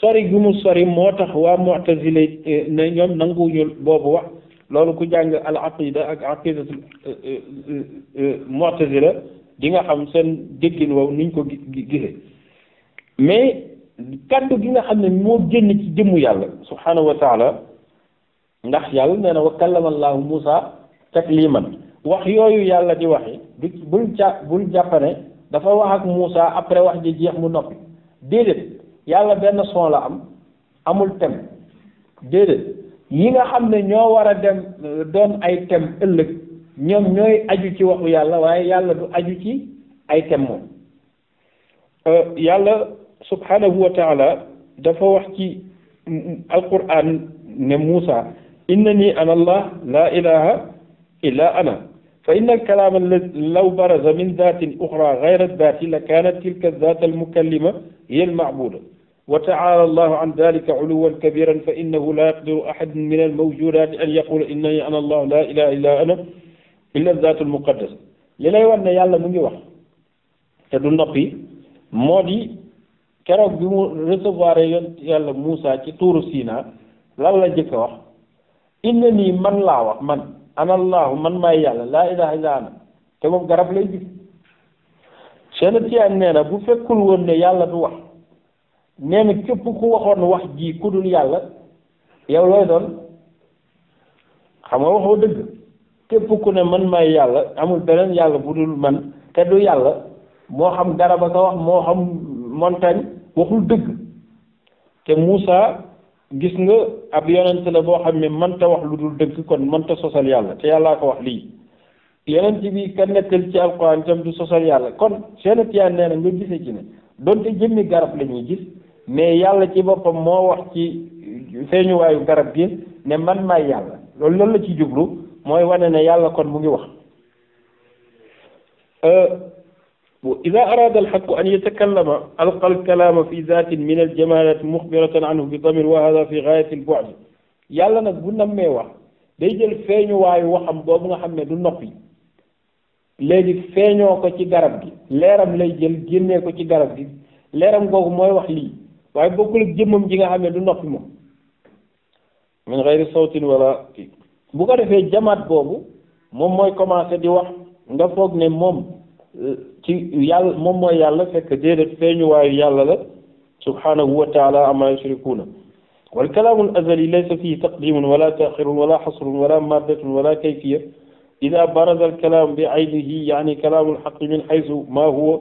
sori gi mu sori moo tax waa mu'tazila euh, ne ñoom nanguwuñu boobu wax loolu ku jàng al aqida ak aqidatul euh, mu'tazila di nga xam seen déggin wow niñ ko gisee mais kàddu gi nga xam ne moo génn ci jëmmu yàlla subhanahu wa taala ndax yàlla nee na wa kallama allahu Musa takliman wax yooyu yàlla di waxi du bul ca bul jàppane dafa wax ak Musa après wax ji jeex mu noppi déedéet yàlla benn son la am amul thème déedéet yi nga xam ne ñoo war a dem doon ay thème ëllëg ñoom ñooy aju ci waxu yàlla waaye yàlla du aju ci ay tem moom euh, yàlla subhanahu wa taala dafa wax ci alquran ne Muusa innani ana allah la ilaha illa ana fa inna alkalaama law baraza min datin oxra gayra daati la kanat tilka daat almukallima hiya almacbuda wa taala allahu an dalika uluwan kabiran fa innahu la yaqdiru ahadun min almawjudat an yaqula innani ana allah la ilaha illa ana illa zaatul muqaddas li lay wan ne yàlla mu ngi wax te du noppi moo di keroog bi mu recevoir yoon yàlla Moussa ci tuuru Sina lan la jëkk a wax inna nii man laa wax man ana man maay yàlla laa ilaha illa ana te moom garab lay gis Cheikh Tijaan na bu fekkul woon ne yàlla du wax nee képp ku waxoon wax ji ku dul yàlla yow looy doon xam waxoo dëgg képp ku ne man may yàlla amul beneen yàlla bu dul man te du yàlla moo xam garab a ko wax moo xam montagne waxul dëgg te Moussa gis nga ab yonent la boo xam ne man mënta wax lu dul dëgg kon mënta sosal yàlla te yàllaa ko wax lii yonent bi ka nekkal ci alquran tam du sosal yàlla kon seen tiyaan nee na nga gisee ci ne donte jëmmi garab la ñuy gis mais yàlla ci boppam moo wax ci feeñuwaayu garab gi ne man maay yàlla loolu lan la ci jublu mooy wane ne yàlla kon mu ngi wax euh, ida arada alxaqu an yatakallama alqa alkalaama fi datin min aljamalat muxbiratan anhu bi damir wa hada fi gaayati albodi yàlla nag bu nammee wax day jël feeñuwaayu waxam boobu nga xam ne du noppi léegi feeñoo ko ci garab gi leeram lay jël génnee ko ci garab gi leeram googu mooy wax lii waaye bokkul ak jëmmam ji nga xam ne du noppi moom min gayri sawtin wala kii bu ko defee jamaat boobu moom mooy commencé di wax nga foog ne moom euh, ci yàlla moom mooy yàlla fekk déedéet feeñuwaayu yàlla la subhanahu wa taala amma yushrikuuna wal kalaamul azali laysa fihi taqdimun wala taaxirun wala xasrun wala maddatun wala kayfiya ida baraza alkalaam bi aynihi yaani kalaamul xaqi min xaysu ma huwa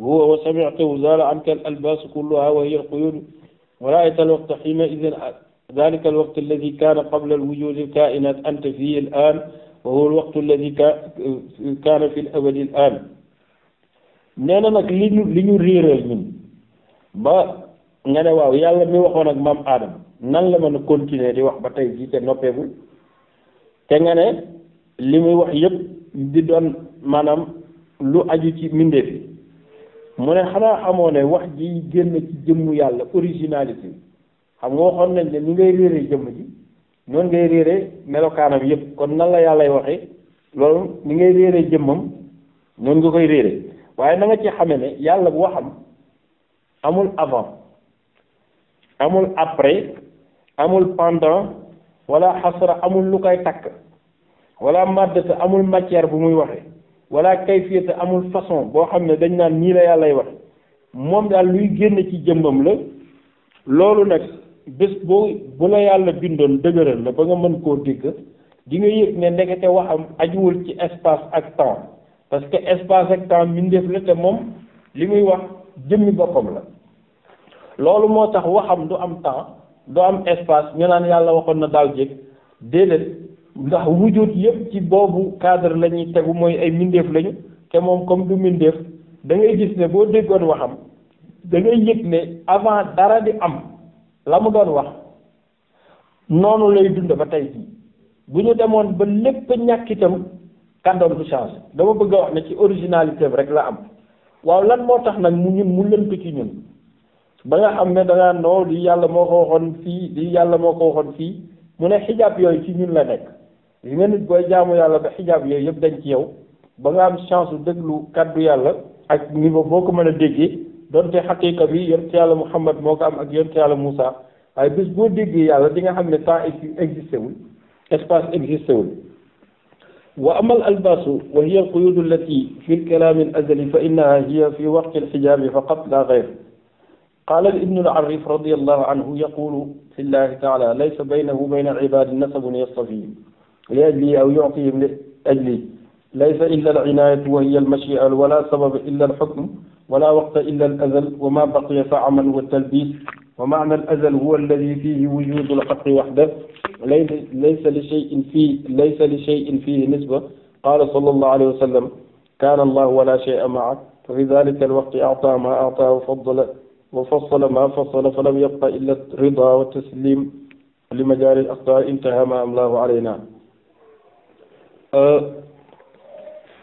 huwa wa samictahu zaala anka al albaasu kulluha wa hiya alquyudu wala ayta alwaqta xiina idin ذلك الوقت الذي كان قبل الوجود الكائنات أنت فيه الآن وهو الوقت الذي كان في الأبد الآن nee na nag li ñu li ñu réeral ñun ba nga ne waaw yàlla mi waxoon ak maam aadam nan la mën a continuer di wax ba tey jii te noppeegul te nga ne li muy wax yépp di doon maanaam lu aju ci mbindeef yi mu ne xanaa amoon ne wax ji génn ci jëmmu yàlla originalité xam nga waxoon nañ ne ni ngay réeree jëmm ji noonu ngay réere melokaanam yëpp kon nan la yàllay waxee loolu ni ngay réeree jëmmam noonu nga koy réeree waaye na nga ci xame ne yàlla bu waxam amul avant amul après amul pendant wala xasra amul lu koy takk wala maddata amul matière bu muy waxee wala kayfiyata amul façon boo xam ne dañ naan nii la yàllay waxe moom daal luy génn ci jëmmam la loolu nag bés boo bu la yàlla bindoon dëgëral la ba nga mën koo dégg di nga yëg ne ndekete waxam ajuwul ci espace ak temps parce que espace ak temps mbindeef la te moom li muy wax jëmmi boppam la loolu moo tax waxam du am temps du am espace ñu naan yàlla waxoon na daaw jég déedéet ndax wujut yëpp ci boobu cadre lañuy tegu mooy ay mbindeef lañu te moom comme du mbindeef da ngay gis ne boo déggoon waxam da ngay yëg ne avant dara di am la mu doon wax noonu lay dund ba tey jii bu ñu demoon ba lépp ñàkkitam itam kàddoom du dama bëgg a wax ne ci originalité bi rek la am waaw lan moo tax nag mu ñun mu lënt ci ñun ba nga xam ne dangaa noo oh, di yàlla moo ko waxoon fii di yàlla moo ko waxoon fii mu ne xijaab yooyu ci ñun la nekk li nga nit booy jaamu yàlla ba xijaab yooyu yëpp dañ ci yow ba nga am chance déglu kàddu yàlla ak niveau boo ko mën a déggee donte xaqiqa bi yonent yàlla Muhammad moo ko am ak yonent yàlla Moussa waaye bis boo déggee yàlla di nga xam ne temps existé wul espace existé wul wa amal albaasu wa hiya alquyudu allati fi alkalaami alazali fa innaha hiya fi waqti alxijaabi faqat la gayr qaala ibnu alarif radi allahu anhu yaqulu fi llahi taala laysa baynahu wa bayna alcibaadi nasabun yastafi li ajli aw yuctihim li ajli laysa illa alcinaayatu wa hiya almashia wala sababa illa alxukm ولا وقت إلا الأزل وما بقي فعمل والتلبيس ومعنى الأزل هو الذي فيه وجود الحق وحده ليس لشيء فيه ليس لشيء فيه نسبة قال صلى الله عليه وسلم كان الله ولا شيء معه ففي ذلك الوقت أعطى ما أعطى وفضل وفصل ما فصل فلم يبق إلا الرضا والتسليم لمجال الأخطاء انتهى ما أملاه علينا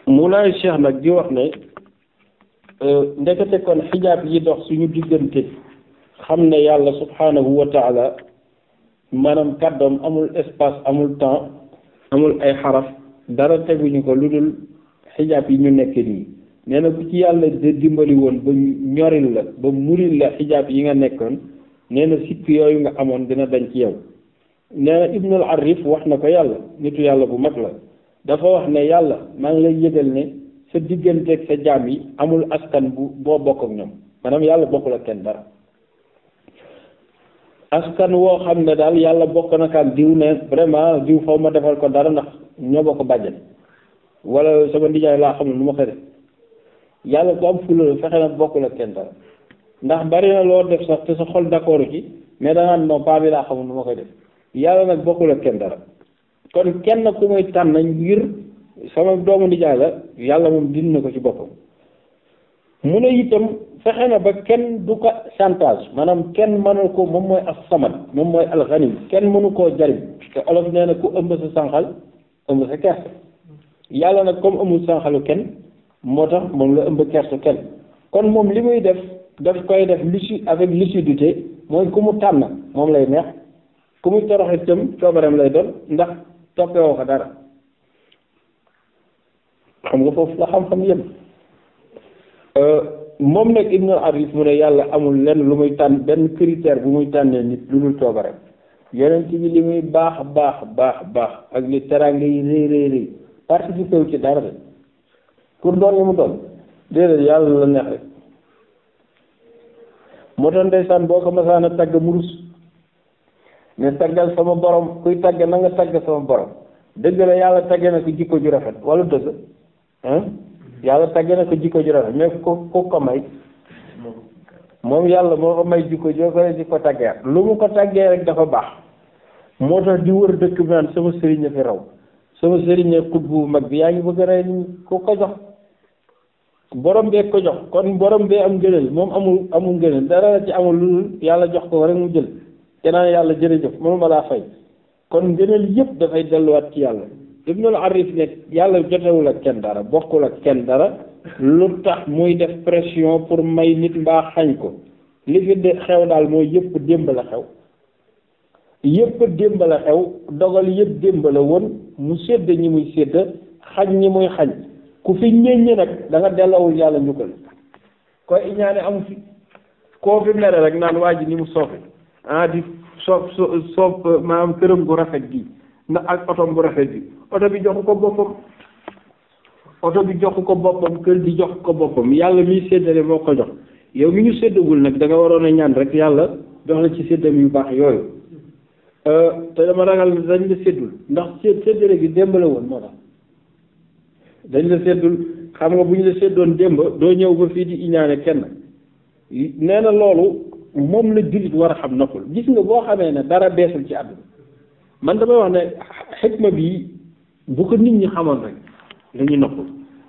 Moulay Cheikh nag di wax ne Euh, ndekete kon xijaab yi dox suñu diggante xam ne yàlla subhanahu wa taala maanaam kàddoom amul espace amul temps amul ay xaraf dara teguñu ko lu dul xijaab yi ñu nekk nii nee na bu ci yàlla de dimbali woon ba ñoril la ba muril la xijaab yi nga nekkoon nee na sikk yooyu nga amoon dina dañ ci yow nee na arif wax na ko yàlla nit yàlla bu mag la dafa wax ne yàlla maa lay yëgal ne sa digganteeg sa jaam yi amul askan bu boo bokk ak ñoom maanaam yàlla bokkul ak kenn dara askan woo xam ne daal yàlla bokk na kaam diw ne vraiment diw faw ma defal ko dara ndax ñoo bokk bàjjen wala sama ndijaay laa xam ne nu ma ko def yàlla ko am fulal fexe na bokkul ak kenn dara ndax bari na loo def sax te sa xol d'accord ci mais da naan bi laa xamul nu ma koy def yàlla nag bokkul ak kenn dara kon kenn ku muy tànn ngir sama doomu nijaay la yàlla moom din na ko ci boppam mu ne itam fexe na ba kenn du ko chantage maanaam kenn mënu ko moom mooy as samad moom mooy alxanim kenn mënu koo jariñ te olof nee na ku ëmb sa sànqal ëmb sa kersa yàlla nag comme amul sànqalu kenn moo tax moom la ëmb kersa kenn kon moom li muy def daf koy def luci avec lucidité mooy ku mu tànna moom lay neex ku muy torox itam coobareem lay doon ndax toppewoo ko dara xam nga foofu la xam-xam yem euh, moom nag Ibnu Arif mu ne yàlla amul lenn lu muy tànn benn critère bu muy tànnee nit lu dul tooba rek yonent bi li muy baax baax baax baax ak li teraanga yi rëy rëy rëy participé wu ci dara de pour doon li mu doon déedéet yàlla la neex rek moo tax ndeysaan boo ko masaan a tagg murus ne taggal sama borom kuy tagg na nga tagg sama borom dëgg la yàlla tagge na ko jikko ju rafet wala dëgg yàlla tagge na ko jikko ju rafet mais ku ko may moom yàlla moo ko may jikko joo ko di ko taggee lu mu ko taggee rek dafa baax moo tax di wër dëkk bi naan sama sëriñ fi raw sama sëriñ a bu mag bi yaa ngi bëgg rey ko ko jox borom bee ko jox kon borom bee am ngëneel moom amul amul ngëneel dara la ci amul lu yàlla jox ko rek mu jël te naan yàlla jërëjëf mënuma laa fay kon ngëneel yëpp dafay delluwaat ci yàlla ibnul arif ne yàlla jotewul ak kenn dara bokkul ak kenn dara lu tax muy def pression pour may nit mbaa xañ ko li fi de xew daal mooy yëpp démb la xew yëpp démb la xew dogal yëpp démb woon mu sédd ñi muy sédd xañ ñi muy xañ ku fi ñëññi nag da nga delloowul yàlla njukkal koy iñaane amu koo fi mere rek naan waa ji ni mu soofe ah di soof soof maanaam këram gu rafet gi ndax ak otom bu rafet bi oto bi jox ko boppam oto bi jox ko boppam kër gi jox ko boppam yàlla miy séddale moo ko jox yow mi ñu seddagul nag da waroon a ñaan rek yàlla jox la ci séddam yu baax yooyu euh, te dama ragal ne dañ la séddul ndax séddale gi démb la woon moo tax dañ la séddul xam nga bu ñu la séddoon démb doo ñëw ba fii di iñaane kenn nee na loolu moom la jullit war a xam noppul gis nga boo xamee ne dara beesul ci àdduna man damay wax ne xikma bi bu ko nit ñi xamoon rek dañuy nopp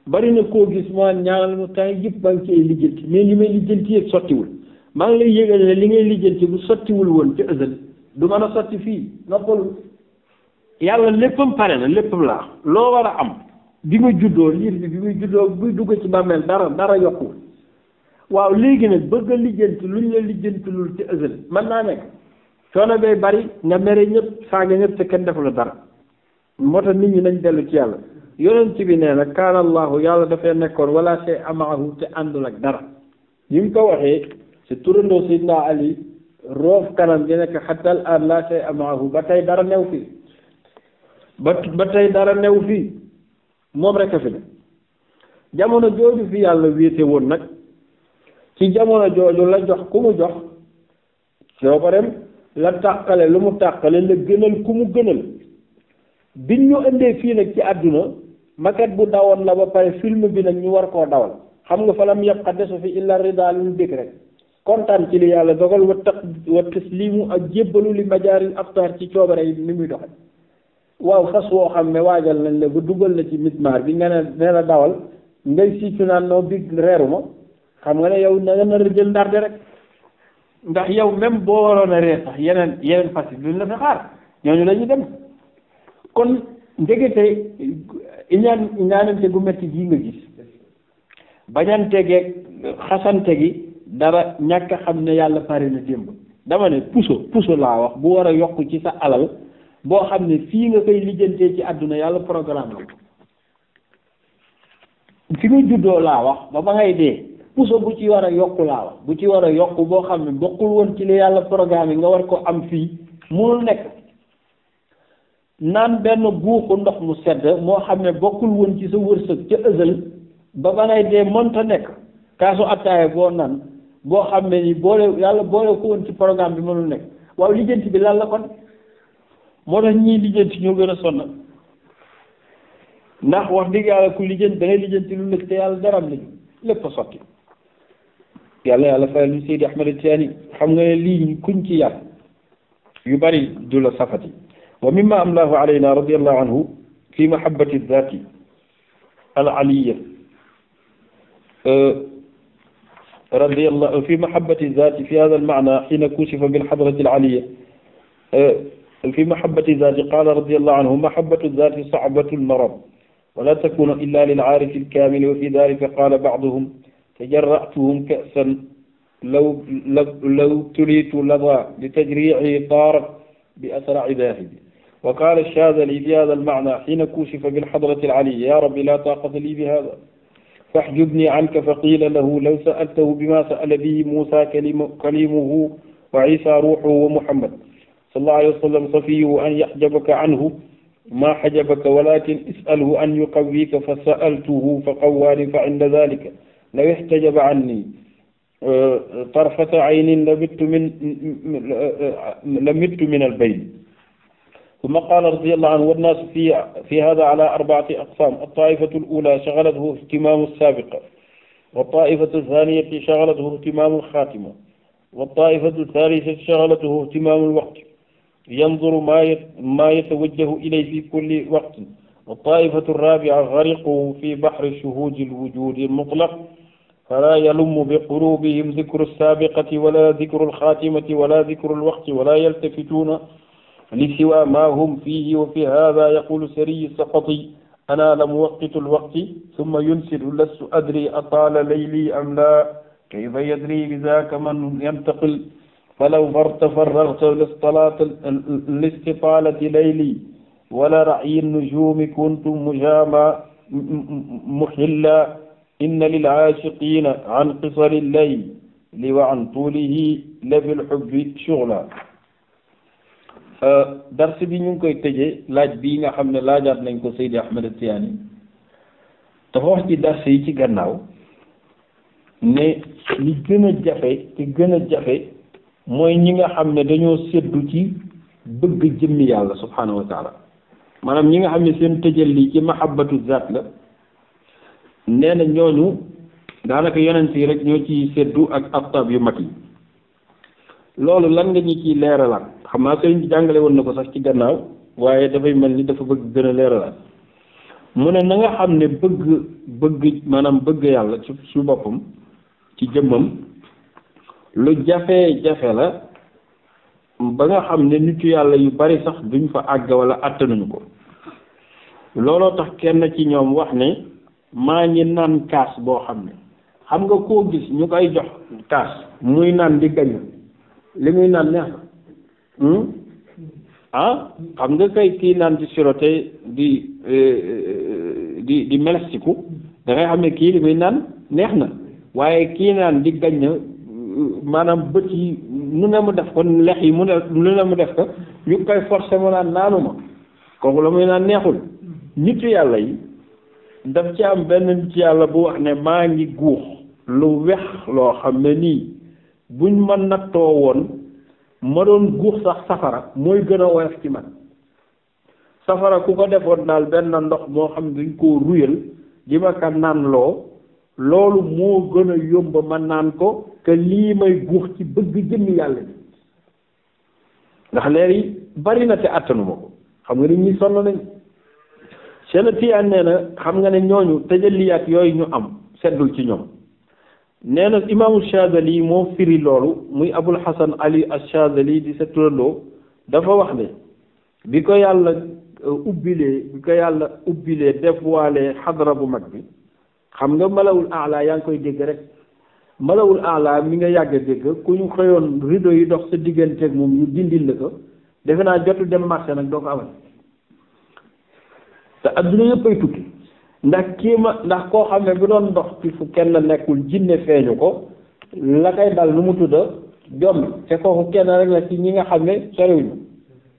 bari na koo gis maa ñaanal ma temps yëpp maa ngi ci ay lijjanti mais li may lijjanti yëpp sottiwul maa ngi lay yëgal ne li ngay lijjanti bu sottiwul woon ci ësal du mën a sotti fii noppalu yàlla léppam na léppam laa loo war a am bi juddoo liir bi muy juddoo buy dugg ci bàmmeel dara dara yokkuwul waaw léegi nag bëgg a lijjanti luñ la lijjantilul ci ësal mën naa nekk coono bay bari nga mere ñëpp saaga ñëpp te kenn defu dara moo tax nit ñi nañ dellu ci yàlla yonent bi nee na kaana allahu yàlla dafay nekkoon wala shay amaahu te àndul ak dara ñi mu ko waxee si turandoo Seydina Ali roof kanam gi nekk xatal an la shay amaahu ba tey dara new fii ba tey dara new fii moom rek fi ne jamono jooju fi yàlla wéete woon nag ci jamono jooju la jox ku mu jox soo ko dem la tàqale lu mu tàqale la gënal ku mu gënal biñ ñu indee fii nag ci àdduna maquette bu dawoon la ba pare film bi nag ñu war koo dawal xam nga falam yabqa desu fi illa rida lu ñu dégg rek kontaan ci li yàlla dogal wa tax lii mu ak jébbalu li majaaril aftar ci coobare yi ni muy doxe waaw fas woo xam ne waajal nañ la bu dugal la ci mismaar bi nga ne ne la dawal ngay siicu naan noo bi reeru ma xam nga ne yow na nga nar a jël ndarde rek ndax yow même boo waroon a reer sax yeneen yeneen kon ndegete iñaan ñaanante gu metti gii nga gis bañante geeg xasante gi dara ñàkk xam ne yàlla pare na démb dama ne puso puso laa wax bu war a yokk ci sa alal boo xam ne fii nga koy lijjantee ci àdduna yàlla programme la fi nga juddoo laa wax ba ba ngay dee puso bu ci war a yokku laa wax bu ci war a yokku boo xam ne bokkul woon ci li yàlla programme yi nga war ko am fii munul nekk naan benn guuxu ndox mu sedd moo xam ne bokkul woon ci sa wërsëg ca ësël ba banay dee mënta nekk kaasu attaaya boo naan boo xam ne ni boole yàlla boole ko woon ci programme bi mënul nekk waaw lijjanti bi lan la kon moo tax ñii lijjanti ñoo gën a sonnal ndax wax dëgg yàlla ku lijjanti da ngay lu nekk te yàlla daram li lépp a sotti yàlla yàlla fayal ñu Seydi Ahmad Tijaani xam nga ne lii kuñ ci yàlla yu bari du la safati wa mimma amlaahu alayna radiallahu anhu fi mahabati dati al aliya euh, radiallahu fi mahabati dati fi hada al maana xiina kusifa bil xadrati al aliya euh, fi mahabati dati qaala radiallahu anhu mahabatu dati saabatu lmarad wala takunu illa lil aarifi alkaamili wa fi dalika qaala bacduhum tajaratuhum kasan law law tulitu lada li tajrici taarat bi asraci daahibi وقال الشاذلي بهذا المعنى حين كوشف بالحضرة العلي يا رب لا طاقة لي بهذا فاحجبني عنك فقيل له لو سألته بما سأل به موسى كليمه وعيسى روحه ومحمد صلى الله عليه وسلم صفيه أن يحجبك عنه ما حجبك ولكن اسأله أن يقويك فسألته فقواني فعند ذلك لو احتجب عني طرفة عين لمت من لمت من البين ثم قال رضي الله عنه والناس في في هذا على أربعة أقسام الطائفة الأولى شغلته اهتمام السابقة والطائفة الثانية شغلته اهتمام الخاتمة والطائفة الثالثة شغلته اهتمام الوقت ينظر ما ما يتوجه إليه في كل وقت والطائفة الرابعة غرقوا في بحر شهود الوجود المطلق فلا يلم بقلوبهم ذكر السابقة ولا ذكر الخاتمة ولا ذكر الوقت ولا يلتفتون li siwa ma hum fihi wa fi hada yaqulu sariyi saqati ana lam waqitu lwaqti summa yunsitu lastu adri ataala layli am la kayfa yadri bi zaka man yantaqil falaw fartafarragta listitaalati layli wala ra'yi nujumi kuntu mujama muxilla inna lilaashiqina an qisari llayl li wa an tuulihi la fi lxubbi shugla Euh, dars bi ñu ngi koy tëjee laaj bi nga xam ne laajaat nañ ko Seydi Ahmed Tiyaani dafa wax ci dars yi ci gannaaw ne li gën a jafe ci gën a jafe mooy ñi nga xam ne dañoo seddu ci bëgg jëmmi yàlla subhaanahu wa maanaam ñi nga xam ne seen tëjal lii ci mahabbatu zaat la nee ñooñu daanaka yonent yi rek ñoo ci seddu ak aqtaab yu mag yi loolu lan nga ñu ciy leeralaat xam naa sëriñ bi jàngale woon na ko sax ci gannaaw waaye dafay mel ni dafa bëgg gën a leeralaat mu ne na nga xam ne bëgg bëgg maanaam bëgg yàlla ci su boppam ci jëmmam lu jafe-jafe la ba nga xam ne nitu yàlla yu bari sax duñ fa àgg wala àttanuñu ko looloo tax kenn ci ñoom wax ne maa ngi naan kaas boo xam ne xam nga koo gis ñu koy jox kaas muy naan di gañu li muy naan neex na hmm? ah xam nga kay kii naan ci siroté eh, eh, di di di melestiku da ngay xam ne kii li muy naan neex na waaye kii naan di gañ na maanaam bët yi nu ne mu def ko lex yi mu ne nu ne mu def ko ñu koy forcé mu naan naanuma kooku la muy naan neexul nit yàlla yi daf ci am benn nit yàlla bu wax ne maa ngi guux lu wex loo xam ne nii buñ ma nattoo woon ma doon guux sax safara mooy gën a woyof ci man safara ku ko defoon daal benn ndox moo xam ne dañ koo ruyal di ma ka naan loo loolu moo gën a yomb ma naan ko que lii may guux ci bëgg jëmmi yàlla bi ndax leer yi bari na te attanuma ko xam nga ni ñuy sonn nañ seen tiyaan nee na xam nga ne ñooñu tëjaliyaat yooyu ñu am seddul ci ñoom nee na imaamu Shazali moo firi loolu muy Abul Hasan Ali Shazali di sa turandoo dafa wax ne bi ko yàlla uh, ubbilee bi ko yàlla ubbilee dévoiler xadara bu mag bi xam nga malawul ala yaa ngi koy dégg rek malawul ala mi nga yàgg a dégg ku ñu xëyoon rideau yi dox sa digganteeg moom ñu dindil la ko defe naa jotu dem marché nag doo ko amal te adduna yëpp ay tukki ndax kii ma ndax koo xam ne bu doon ndox ci fu kenn nekkul jinne feeñu ko la koy dal nu mu tudda jom te kooku kenn rek la ci ñi nga xam ne soriwuñu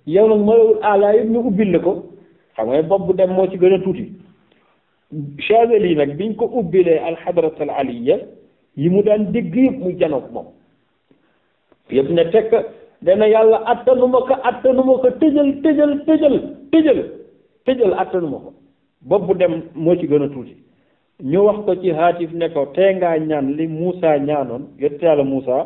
yow nag malawul àllaa yëpp ñu ubbil ko xam nga bopp dem moo ci gën a tuuti Chazeli yi nag biñ ko ubbilee alxadratal aliya yi mu daan dégg yëpp mu janoog moom yëpp ne tekk dana yàlla attanuma ko attanuma ko tëjël tëjal tëjal tëjal tëjal attanuma ko bopp dem moo ci gën a tuuti ñu wax ko ci haatif ne ko tee ngaa ñaan li Moussa ñaanoon yonte yàlla muusa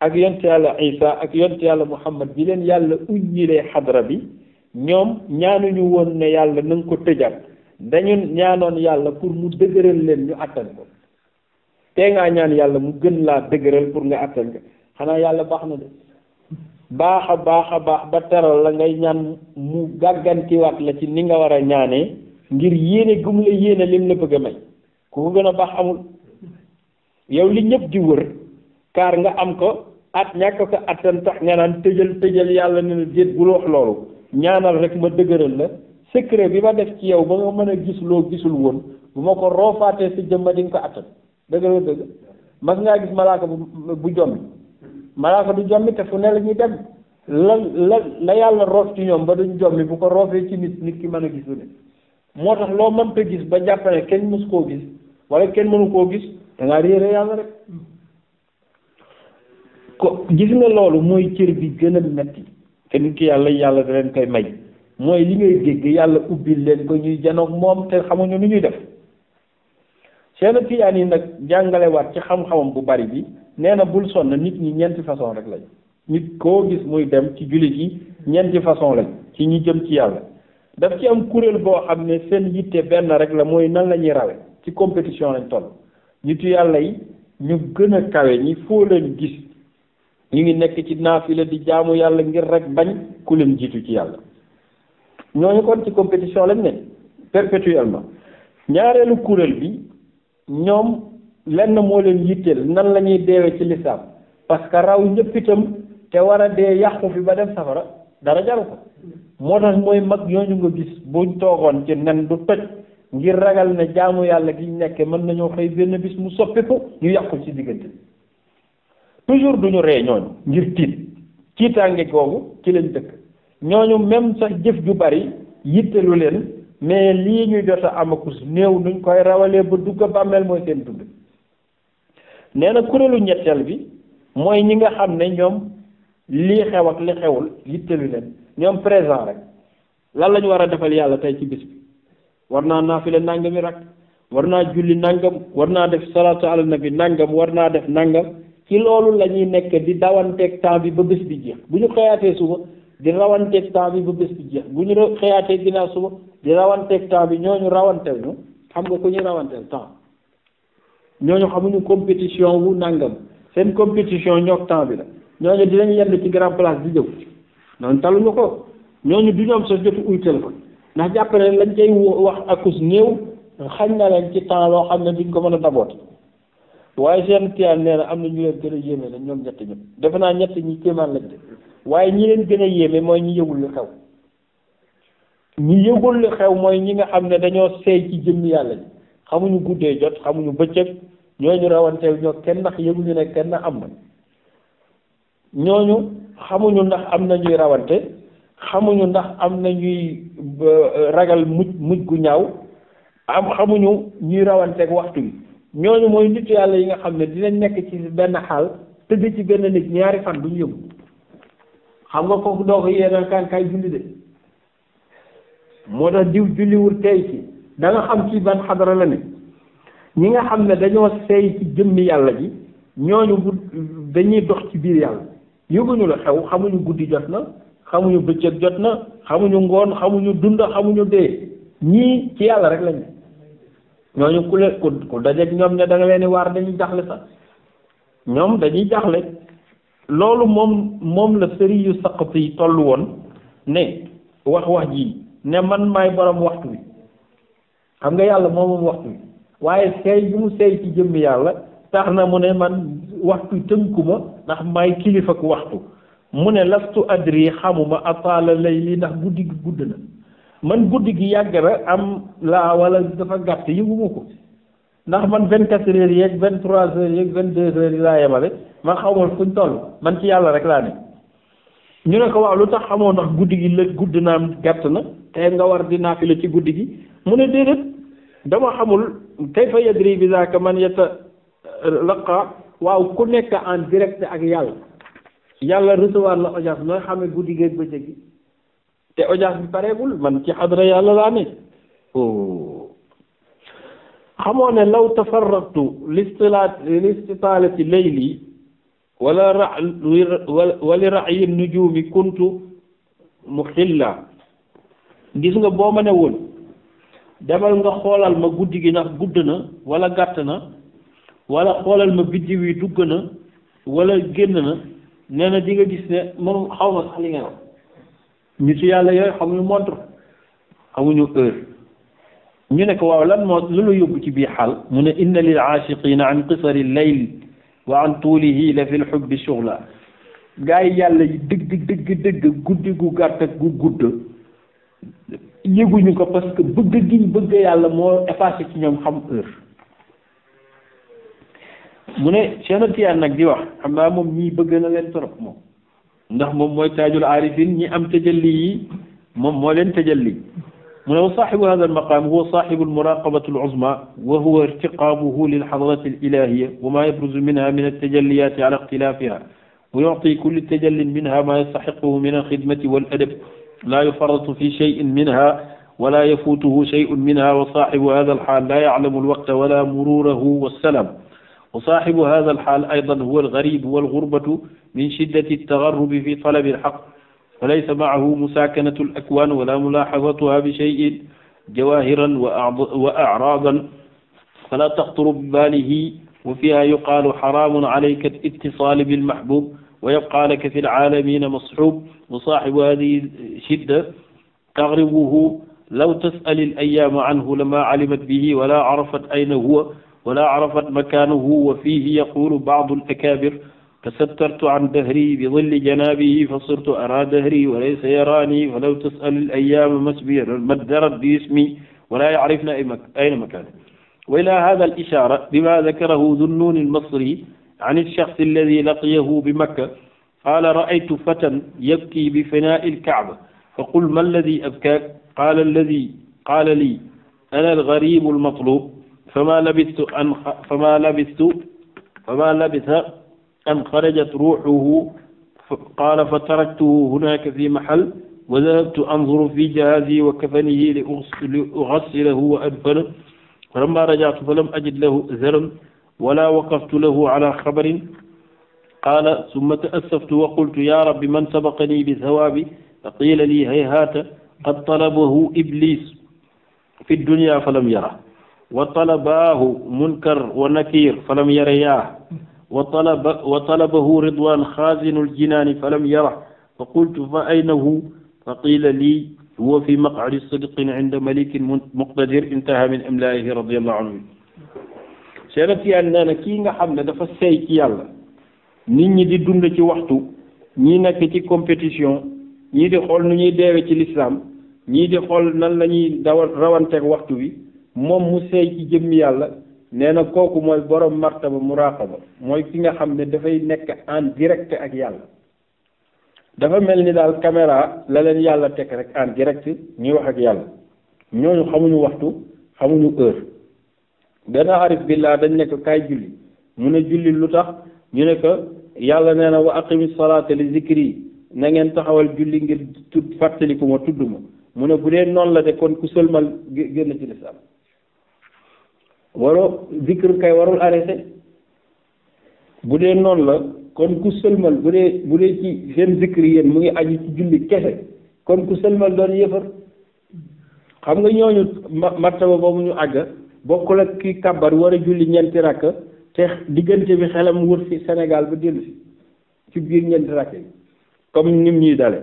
ak yonte yàlla Isa ak yonte yàlla Muhammad bi leen yàlla uññilee xadra bi ñoom ñu woon ne yàlla na nga ko tëjaat dañu ñaanoon yàlla pour mu dëgëral leen ñu àttan ko tee ngaa ñaan yàlla mu gën laa dëgëral pour nga attan ko xanaa yàlla baax na de baaxa baaxa baax ba teral la ngay ñaan mu gàggantiwaat la ci ni nga war a ñaanee ngir yéene gum la yéene lim la bëgg may ku ko gën a baax amul yow li ñëpp di wër kaar nga am ko at ñàkk ko attan tax nga naan tëjal tëjal yàlla ne la déet bul wax loolu ñaanal rek ma dëgëral la secret bi ma def ci yow ba nga mën a gis loo gisul woon bu ma ko roofaatee sa jëmma di nga ko attan dëgg la dëgg mas ngaa gis malaaka bu bu jommi malaaka du jommi te fu ne la ñuy dem la la la yàlla roof ci ñoom ba duñ jommi bu ko roofee ci nit nit ki mën a gisu moo tax loo mënta gis ba jàpp kenn mësu koo gis wala kenn mënu koo gis da ngaa réere yàlla rek ko gis nga loolu mooy cër bi gën a metti kenn ki yàlla yàlla da leen koy may mooy li ngay dégg yàlla ubbil leen ko ñuy janoog moom te xamuñu nu ñuy def seen tiyaan yi nag jàngalewaat ci xam-xamam bu bari bi nee na bul sonn nit ñi ñeenti façon rek lañ nit koo gis muy dem ci jullit yi ñeenti façon lañ ci ñi jëm ci yàlla daf ci am kuréel boo xam ne seen yitte benn rek la mooy nan la ñuy rawe ci compétition lañ toll nitu yàlla yi ñu gën a kawe ñi foo leen gis ñu ngi nekk ci naafila di jaamu yàlla ngir rek bañ ku leen jiitu ci yàlla ñooñu kon ci compétition lañ ne perpétuellement ñaareelu kuréel bi ñoom lenn moo leen yitteel nan la ñuy deewee ci lislaam parce que raw ñëpp itam te war a dee yàqu fi ba dem safara dara jaru ko moo tax mooy mag ñooñu nga gis buñ toogoon ci nen du toj ngir ragal ne jaamu yàlla gi ñu nekkee mën nañoo xëy benn bis mu soppiku ñu yàqu ci diggante toujours duñu ree ñooñu ngir tiit tiitaange googu ci leen dëkk ñooñu même sax jëf ju bari yittelu leen mais lii ñu jot a amakus néew nuñ koy rawalee ba dugg bàmmeel mooy seen dund nee na kuréelu ñetteel bi mooy ñi nga xam ne ñoom lii xew ak li xewul yittelu leen ñoom présent rek lan lañu war a defal yàlla tey ci bis bi war naa naafile nangam rak war naa julli nangam war naa def salaatu ala nabi nangam war naa def nangam ci loolu la ñuy nekk di dawanteeg temps bi ba bés bi jeex bu ñu xëyaatee suba di rawanteeg temps bi ba bés bi jeex bu ñu xëyaatee ginnaaw suba di rawanteeg temps bi ñoo rawantel ñu xam nga ku ñu rawantel temps ñooñu xamuñu compétition wu nangam seen compétition ñoog temps bi ñooñu dinañ yenn ci grand place di jëw noonu taluñu ko ñooñu du ñoom sax jotu uy téléphone ndax jàpp ne lañ cay wax akus néew xañ na leen ci temps loo xam ne duñ ko mën a daboote waaye seen tiyaan nee na am na ñu leen gën a yéeme na ñoom ñett ñëpp defe naa ñett ñi kéemaan lañ de waaye ñi leen gën a yéeme mooy ñi yëgul li xew ñi yëgul li xew mooy ñi nga xam ne dañoo seey ci jëmm yàlla ji xamuñu guddee jot xamuñu bëccëg ñooñu rawanteew ñoo kenn ndax yëguñu ne kenn am na ñooñu xamuñu ndax am na ñuy rawante xamuñu ndax am na ñuy ragal muj muj gu ñaaw am xamuñu ñuy rawanteeg waxtu bi ñooñu mooy nit yàlla yi nga xam ne dinañ nekk ci benn xaal tëdd ci benn nit ñaari fan duñu yëngu xam nga kooku doo ko yéena kaan kaay julli de moo tax diw julliwul tey ci da xam ci ban xadara la ne ñi nga xam ne dañoo seey ci jëmmi yàlla ji ñooñu bu dañuy dox ci biir yàlla yëguñu la xew xamuñu guddi jot na xamuñu bëccëg jot na xamuñu ngoon xamuñu dund xamuñu dee ñii ci yàlla rek lañu ñooñu ku leen ku ku dajeeg ñoom ne da nga leen waar dañuy jaxle sax ñoom dañuy jaxle loolu moom moom la sëriñ yu saqat yi toll woon ne wax wax ji ne man maay borom waxtu bi xam nga yàlla moom moom waxtu bi waaye seey bi mu seey ci jëmm yàlla tax na mu ne man waxtu tënku ma ndax may kilifa ak waxtu mu ne lastu adri xamuma ataala lay li ndax guddi gi gudd na man guddi gi yàgg na am laa wala dafa gàtt yëguma ko ndax man vingt quatre heures yeeg vingt trois heures yeeg vingt deux heures yi laa yemale man xawma fuñ toll man ci yàlla rek laa ne ñu ne ko waaw lu tax xamoo ndax guddi gi la gudd naa gàtt na tey nga war di naafila ci guddi gi mu ne déedéet dama xamul kayfa yadri bi zaaka man yata laqa waaw ku nekk en direct ak yàlla yàlla recevoir la audience nooy xamee guddi géeg bëccëg gi te audience bi pareegul man ci xadra yàlla laa ne xamoo ne law tafarraqtu listilaat listitaalati layli wala ra wali rayi nujuumi kuntu mu xilla gis nga boo ma ne woon demal nga xoolal ma guddi gi ndax gudd na wala gàtt na wala xoolal ma biddiw yi dugg na wala génn na nee na nga gis ne moom xaw ma sax li nga wax ñu ci yàlla yooyu xamuñu montre xamuñu heure ñu ne ko waaw lan moo lu la yóbbu ci bii xaal mu ne inna lil aashiqina an qisari layl wa an tuulihi la fi lxubbi shughla gaa yi yàlla yi dëgg dëgg dëgg guddi gu gàtt gu gudd yëguñu ko parce que bëgg giñ bëgg yàlla moo effacé ci ñoom xam heure mu ne Cheikh Ahmad Tidiane nag di wax xam naa moom ñii bëgg na leen torop moom ndax moom mooy taajul aarifin ñi am tajalli yi moom moo leen tajalli mu ne wa saaxibu hada almaqaam huwa saaxibu almuraqabati aluzma wa huwa irtiqaabuhu lilxadrati alilahiya wa ma yabruzu minha min altajalliyati ala ixtilaafiha wa yucti kulli tajallin minha ma yastaxiquhu min alxidmati waladab laa yufarratu fi cheyin minha wala yafuutuhu cheyun minha wa saaxibu hada alxaal laa yaclamu alwaqta wala muruurahu wassalaam وصاحب هذا الحال أيضا هو الغريب والغربة من شدة التغرب في طلب الحق فليس معه مساكنة الأكوان ولا ملاحظتها بشيء جواهرا وأعراضا فلا تخطر بباله وفيها يقال حرام عليك الاتصال بالمحبوب ويبقى لك في العالمين مصحوب وصاحب هذه الشدة تغربه لو تسأل الأيام عنه لما علمت به ولا عرفت أين هو wala arafat makaanahu wa fiihi yaqulu baadu al-akaabir tasattartu an dahri bi dilli janaabihi fa sirtu araa dahri wa laysa yaraani fa law tas'alu al-ayyaama maddarat bi ismi wala ya'rifna ayna makaani wa ilaa haaza al-ishaara bimaa dakarahu Dunnuun al-Masri an ash-shakhs alladhi laqiyahu bi Makka qaala ra'aytu fatan yabkii bi finaa'i al-Ka'ba fa qultu maa alladhi abkaak qaala alladhi qaala lii ana al-ghariibu al-matluub fama labistu an fama labistu fama labisa an xarajat ruuxuhu qaala fa taraktuhu hunaka fi mahal wa dahabtu anzuru fi jahaazi wa kafanihi li ugassilahu wa adfana falamma rajatu falam ajid lahu zaran wala waqaftu lahu ala xabarin qaala summa ta'assaftu wa qultu ya rabbi man sabaqani bi sawaabi fa qiila li hayhaata qad talabahu iblis fi dunya falam yara wa talabaahu munkar wa nakir falam yara yaah wa talaba wa talabahu ridwan xaazinu ljinaani falam yara fa qultu fa aynahu fa qiila lii huwa fi maqcadi sidqin inda malikin muqtadir intaha min imlaayihi radiallahu anhu Seex Tijaan nee na kii nga xam ne dafa seey ci yàlla nit ñi di dund ci waxtu ñi nekk ci compétition ñii di xool nu ñuy deewe ci lislaam ñii di xool nan la ñuy dawal rawanteeg waxtu bi moom mu seey ci jëmmi yàlla nee na kooku mooy borom martaba muraqaba mooy ki nga xam ne dafay nekk en direct ak yàlla dafa mel ni daal caméra la leen yàlla teg rek en direct ñuy wax ak yàlla ñooñu xamuñu waxtu xamuñu heure benn arif billah dañ nekk ko julli mu ne julli lu tax ñu ne ko yàlla nee na wa aqimi salaata li yi na ngeen taxawal julli ngir tudd fàttaliku ma tudd ma mu ne bu dee noonu la de kon ku sëlmal génn ci lislaam waroo zikr kay warul arrêté bu dee noonu la kon ku sëlmal bu dee bu dee ci seen zikr yéen mu ngi aju ci julli kese kon ku sëlmal doon yëfar xam nga ñooñu martaba boobu ñu àgg bokkul ak kii kàbbar war a julli ñeenti rakk te diggante bi xelam wër fi senegal ba dellu ci biir ñeenti rakk yi comme nim ñuy dale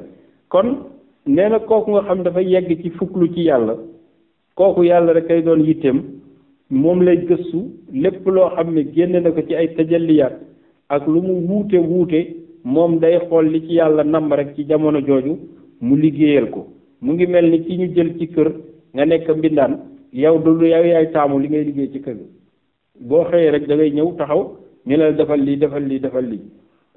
kon nee na kooku nga xam dafa yegg ci fukk lu ci yàlla kooku yàlla rek kay doon yitteem moom lay gëstu lépp loo xam ne génn na ko ci ay tajalliyaat ak lu mu wuute wuute moom day xool li ci yàlla namb rek ci jamono jooju mu liggéeyal ko mu ngi mel ni ki ñu jël ci kër nga nekk mbindaan yow du yow yaay taamu li ngay liggéey ci kër boo xëyee rek dangay ñëw taxaw ñu la defal lii defal lii defal lii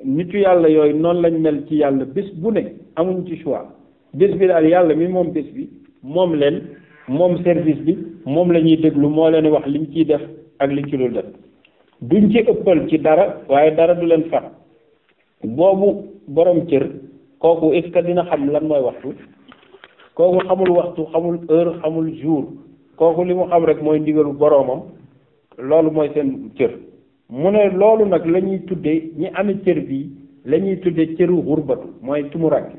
nitu yàlla yooyu noonu lañ mel ci yàlla bés bu ne amuñ ci choix bés bi daal yàlla mi moom bés bi moom leen moom service bi moom la ñuy déglu moo leen wax li liñ ciy def ak li ci dul def duñ ci ëppal ci dara waaye dara du leen fat boobu borom cër kooku est-ce que dina xam lan mooy waxtu kooku xamul waxtu xamul heure xamul jour kooku li mu xam rek mooy ndigalu boroomam loolu mooy seen cër mu ne loolu nag lañuy ñuy tudde ñi amee cër bii lañuy ñuy tudde cëru xurbatu mooy tumuraak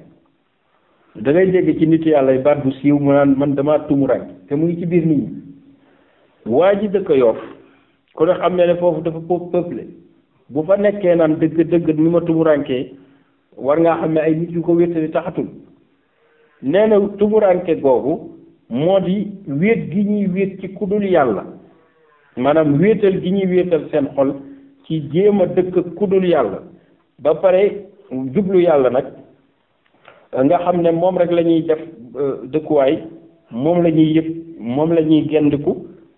da ngay ci nit yàlla baat bu siiw mu naan man damaa tumuraay te mu ngi ci biir nit ñi waa ji dëkk Yoff ku ne xam ne ne foofu dafa peuplé bu fa nekkee naan dëgg dëgg ni ma tumuraankee war ngaa xam ne ay nit yu ko wéttali taxatul nee na tumuraanke googu moo di wéet gi ñuy wéet ci kudul yàlla maanaam wéetal gi ñuy wéetal seen xol ci jéem a dëkk kudul yàlla ba pare jublu yàlla nag nga xam ne moom rek la ñuy def euh, dëkkuwaay moom la ñuy yëpp moom la ñuy gendiku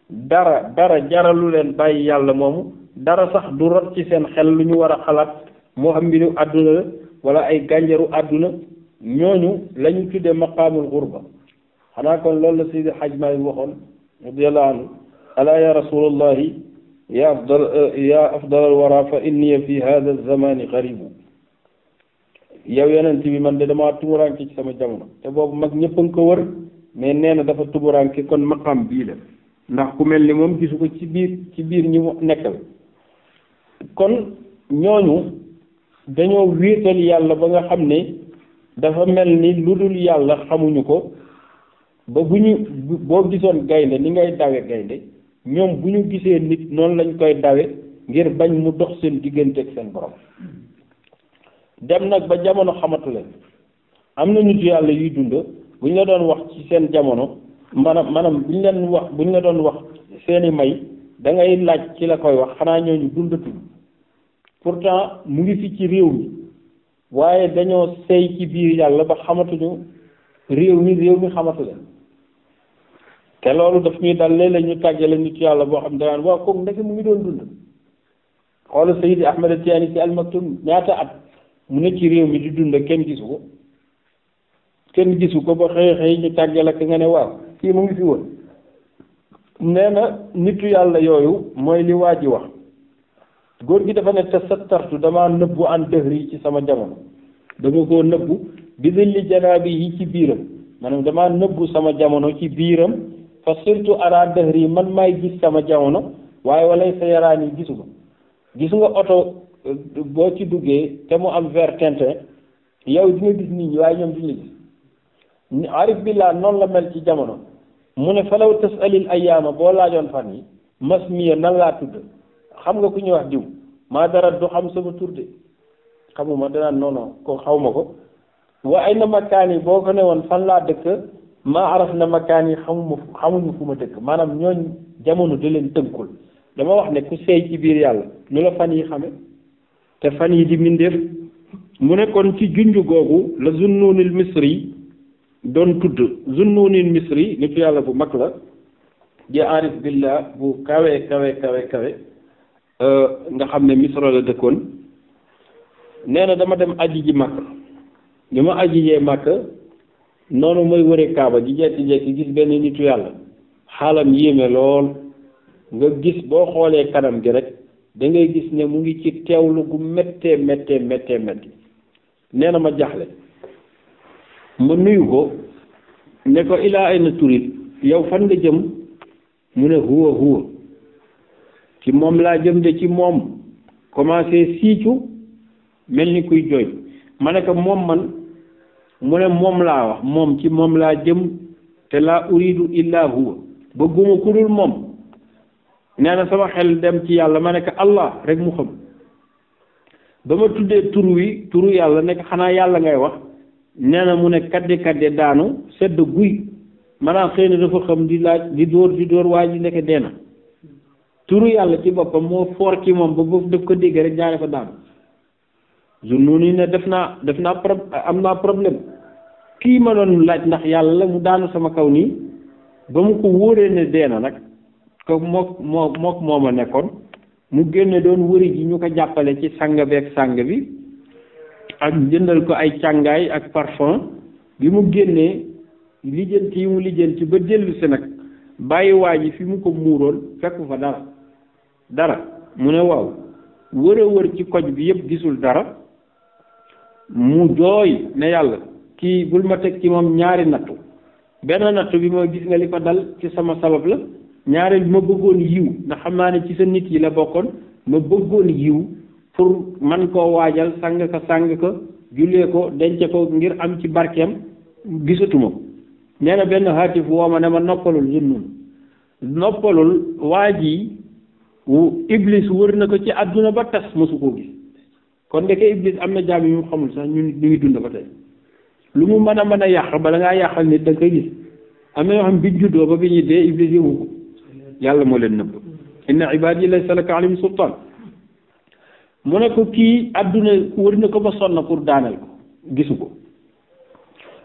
dara dara jaralu leen bàyyi yàlla moomu dara sax du rot ci seen xel lu ñu war a xalaat moo xam mbiru àdduna la wala ay gànjaru àdduna ñooñu la ñu tuddee maqaamul xurba xanaa kon loolu la Seydi Hajj Maalik waxoon radiyallahu anhu alaa ya rasulallahi ya afdal ya afdal alwara fa fi hada alzamani garibu yow yeneen bi man de damaa tumuranke ci sama jamono te boobu mag ñëpp a nga ko wër mais nee na dafa tumuranke kon maqam bii la ndax ku mel ni moom gisu ko ci biir ci biir ñi mu nekkal kon ñooñu dañoo wéetal yàlla ba nga xam ne dafa mel ni lu dul yàlla xamuñu ko ba bu ñu boo gisoon gaynde ni ngay dawe gaynde ñoom bu ñu gisee nit noonu lañ koy dawe ngir bañ mu dox seen diggante ak seen borom dem nag ba jamono xamatu leen am na nit yàlla yuy dund bu ñu la doon wax ci seen jamono maanaam maanaam bu ñu leen wax bu ñu la doon wax seeni may dangay laaj ci la koy wax xanaa ñooñu dundatul pourtant mu ngi fi ci réew mi waaye dañoo sey ci biir yàlla ba xamatuñu réew mi réew mi xamatu leen te loolu daf ñuy dal léeg-léeg ñu tàggale nit yàlla boo xam danaan waaw kooku ndeke mu ngi doon dund xoolu Seydi Ahmed Tijaani si al ñaata at mu ne ci réew mi di dund ak kenn gisu ko kenn gisu ko ba xëy xëy ñu tàggal ak nga ne waaw kii mu ngi fi woon nee nit nitu yàlla yooyu mooy li waa ji wax góor gi dafa ne te sattartu damaa nëbbu ci sama jamono dama koo nëbbu bisilli janaabi yi ci biiram maanaam damaa nëbbu sama jamono ci biiram fa surtout ara yi man maay gis sama jamono waaye walay sa yaraan yi gisu ma gis nga oto boo ci duggee te mu am vert teinté yow di nga gis nit ñi waaye ñoom duñu gis arif billah noonu la mel ci jamono mu ne falaw tasalil ayaama boo laajoon fan yi mas miya nan laa tudd xam nga ku ñu wax diw maa dara du xam sama tur de xamuma danaan noono ko xawma ko wa na makkaan yi boo ko ne woon fan laa dëkk ma araf na makkaan yi xamuma xamuñu fu ma dëkk maanaam ñooñ jamono da leen tënkul dama wax ne ku seey ci biir yàlla nu la fan yi xame te fan yi di mbindeef mu nekkoon ci junj googu la zunnuunil misri doon tudd zunnuunil misri nitu yàlla bu mag la di arif billah bu kawe kawe kawe kawe euh, nga xam ne misra la dëkkoon nee na dama dem aji ji màkk ma aji jee noonu mooy wëre kaaba ji jekki-jekki gis benn nitu yàlla xaalam yéeme lool nga gis boo xoolee kanam gi rek da gis ne mu ngi ci teewlu gu méttee méttee méttee métti nee na ma jaxle ma nuyu ko ne ko ilaa ay na turit yow fan nga jëm mu ne huwa huwa ci moom laa jëm de ci moom commencé siicu mel ni kuy jooy ma ne moom man mu ne moom laa wax moom ci moom laa jëm te laa uridu illaa huwa bëgguma ku dul moom nee na sama xel dem ci yàlla ma nekk allah rek mu xam ba ma tuddee tur wi turu yàlla nekk xanaa yàlla ngay wax nee na mu ne kadde kadde daanu sedd guy maanaam xëy na dafa xam di laaj di dóor di dóor waaye di nekk dee na turu yàlla ci boppam moo foor ci moom ba boobu daf ko dégg rek jaare fa daanu zunnuni ne def naa def naa pro am naa problème kii ma doon laaj ndax yàlla la mu daanu sama kaw nii ba mu ko wóoree ne dee nag comme mook moo mook nekkoon mu génne doon wëri ji ñu ko jàppale ci sang beeg sang bi ak jëndal ko ay càngaay ak parfum bi mu génnee lijjanti yi mu lijjanti ba dellu si nag bàyyi waa fi mu ko muuroon fekku fa dara dara mu ne waaw wër wër ci koj bi yépp gisul dara mu jooy ne yàlla kii bul ma teg ci moom ñaari nattu benn nattu bi moo gis nga li ko dal ci sama sabab la ñaareel bi ma bëggoon yiw ndax xam naa ne ci sa nit yi la bokkoon ma bëggoon yiw pour man koo waajal sang ka sang ka jullee ko dence ko ngir am ci barkeem gisatuma ko nee benn xaatif woo ma ne ma noppalul zunnun noppalul waa ji wu iblis wër na ko ci àdduna ba tas mosu koo gis kon ndeke iblis am na jaam yu mu xamul sax ñu ñu ngi dund ba tey lu mu mën a mën a yàq bala ngaa yàqal nit da nga koy gis am na xam bi juddoo ba bi ñuy dee iblis yëngu ko yàlla moo leen nëbb inna ibadi laysa laka alim sultan mu ne ko kii àdduna wër na ko ba sonn pour daaneel ko gisu ko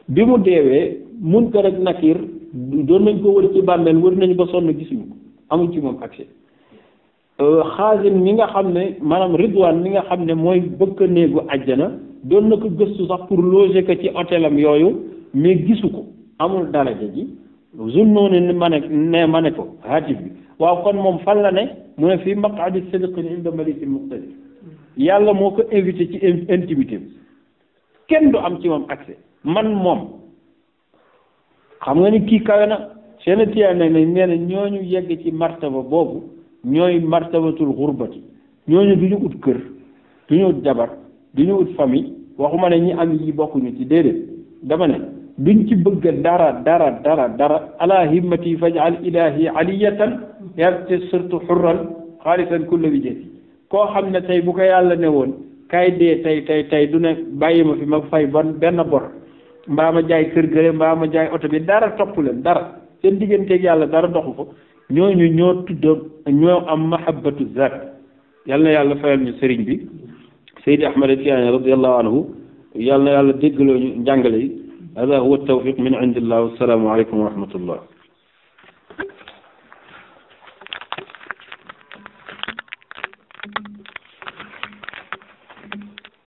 bi mu deewee Munkar ak Nakiir doon nañ ko wër ci bàmmeel wër nañu ba sonn gisuñu ko amuñ ci moom accès euh, xaasim mi nga xam ne maanaam Ridwaan mi nga xam ne mooy bëkk néegu àjjana doon na ko gëstu sax pour loger ko ci hôtelam yooyu mais gisu ko amul daraja ji Zunnuni ni ma ne ne ma ne ko haatib bi waaw kon moom fan la ne mu ne fii maqaadi sidqin inda malikin muqtadir yàlla moo ko invité ci intimité bi kenn du am ci moom accès man moom xam nga ni kii kawe na seen tiyaan nag ne nee na ñooñu yegg ci martaba boobu ñooy martabatul xurbati ñooñu du ñu ut kër du ñu ut jabar du ñu ut famille waxuma ne ñi am yi bokkuñu ci déedéet dama ne duñ ci bëgg dara dara dara dara ala himmati fajal ilahi aliyatan yabte surtu xurran xaalisan kulla bi jëti koo xam ne tey bu ko yàlla ne woon kay dee tey tey tey du ne bàyyi ma fi ma fay benn bor mbaa ma jaay kër gële mbaa ma jaay oto bi dara topp leen dara seen digganteeg yàlla dara doxu ko ñooñu ñoo tudd ñoo am mahabbatu zat yal na yàlla fayal ñu sëriñ bi Seydi Ahmad Tijaani radiyallahu anhu yal na yàlla déggloo ñu njàngale yi هذا هو التوفيق من عند الله والسلام عليكم ورحمة الله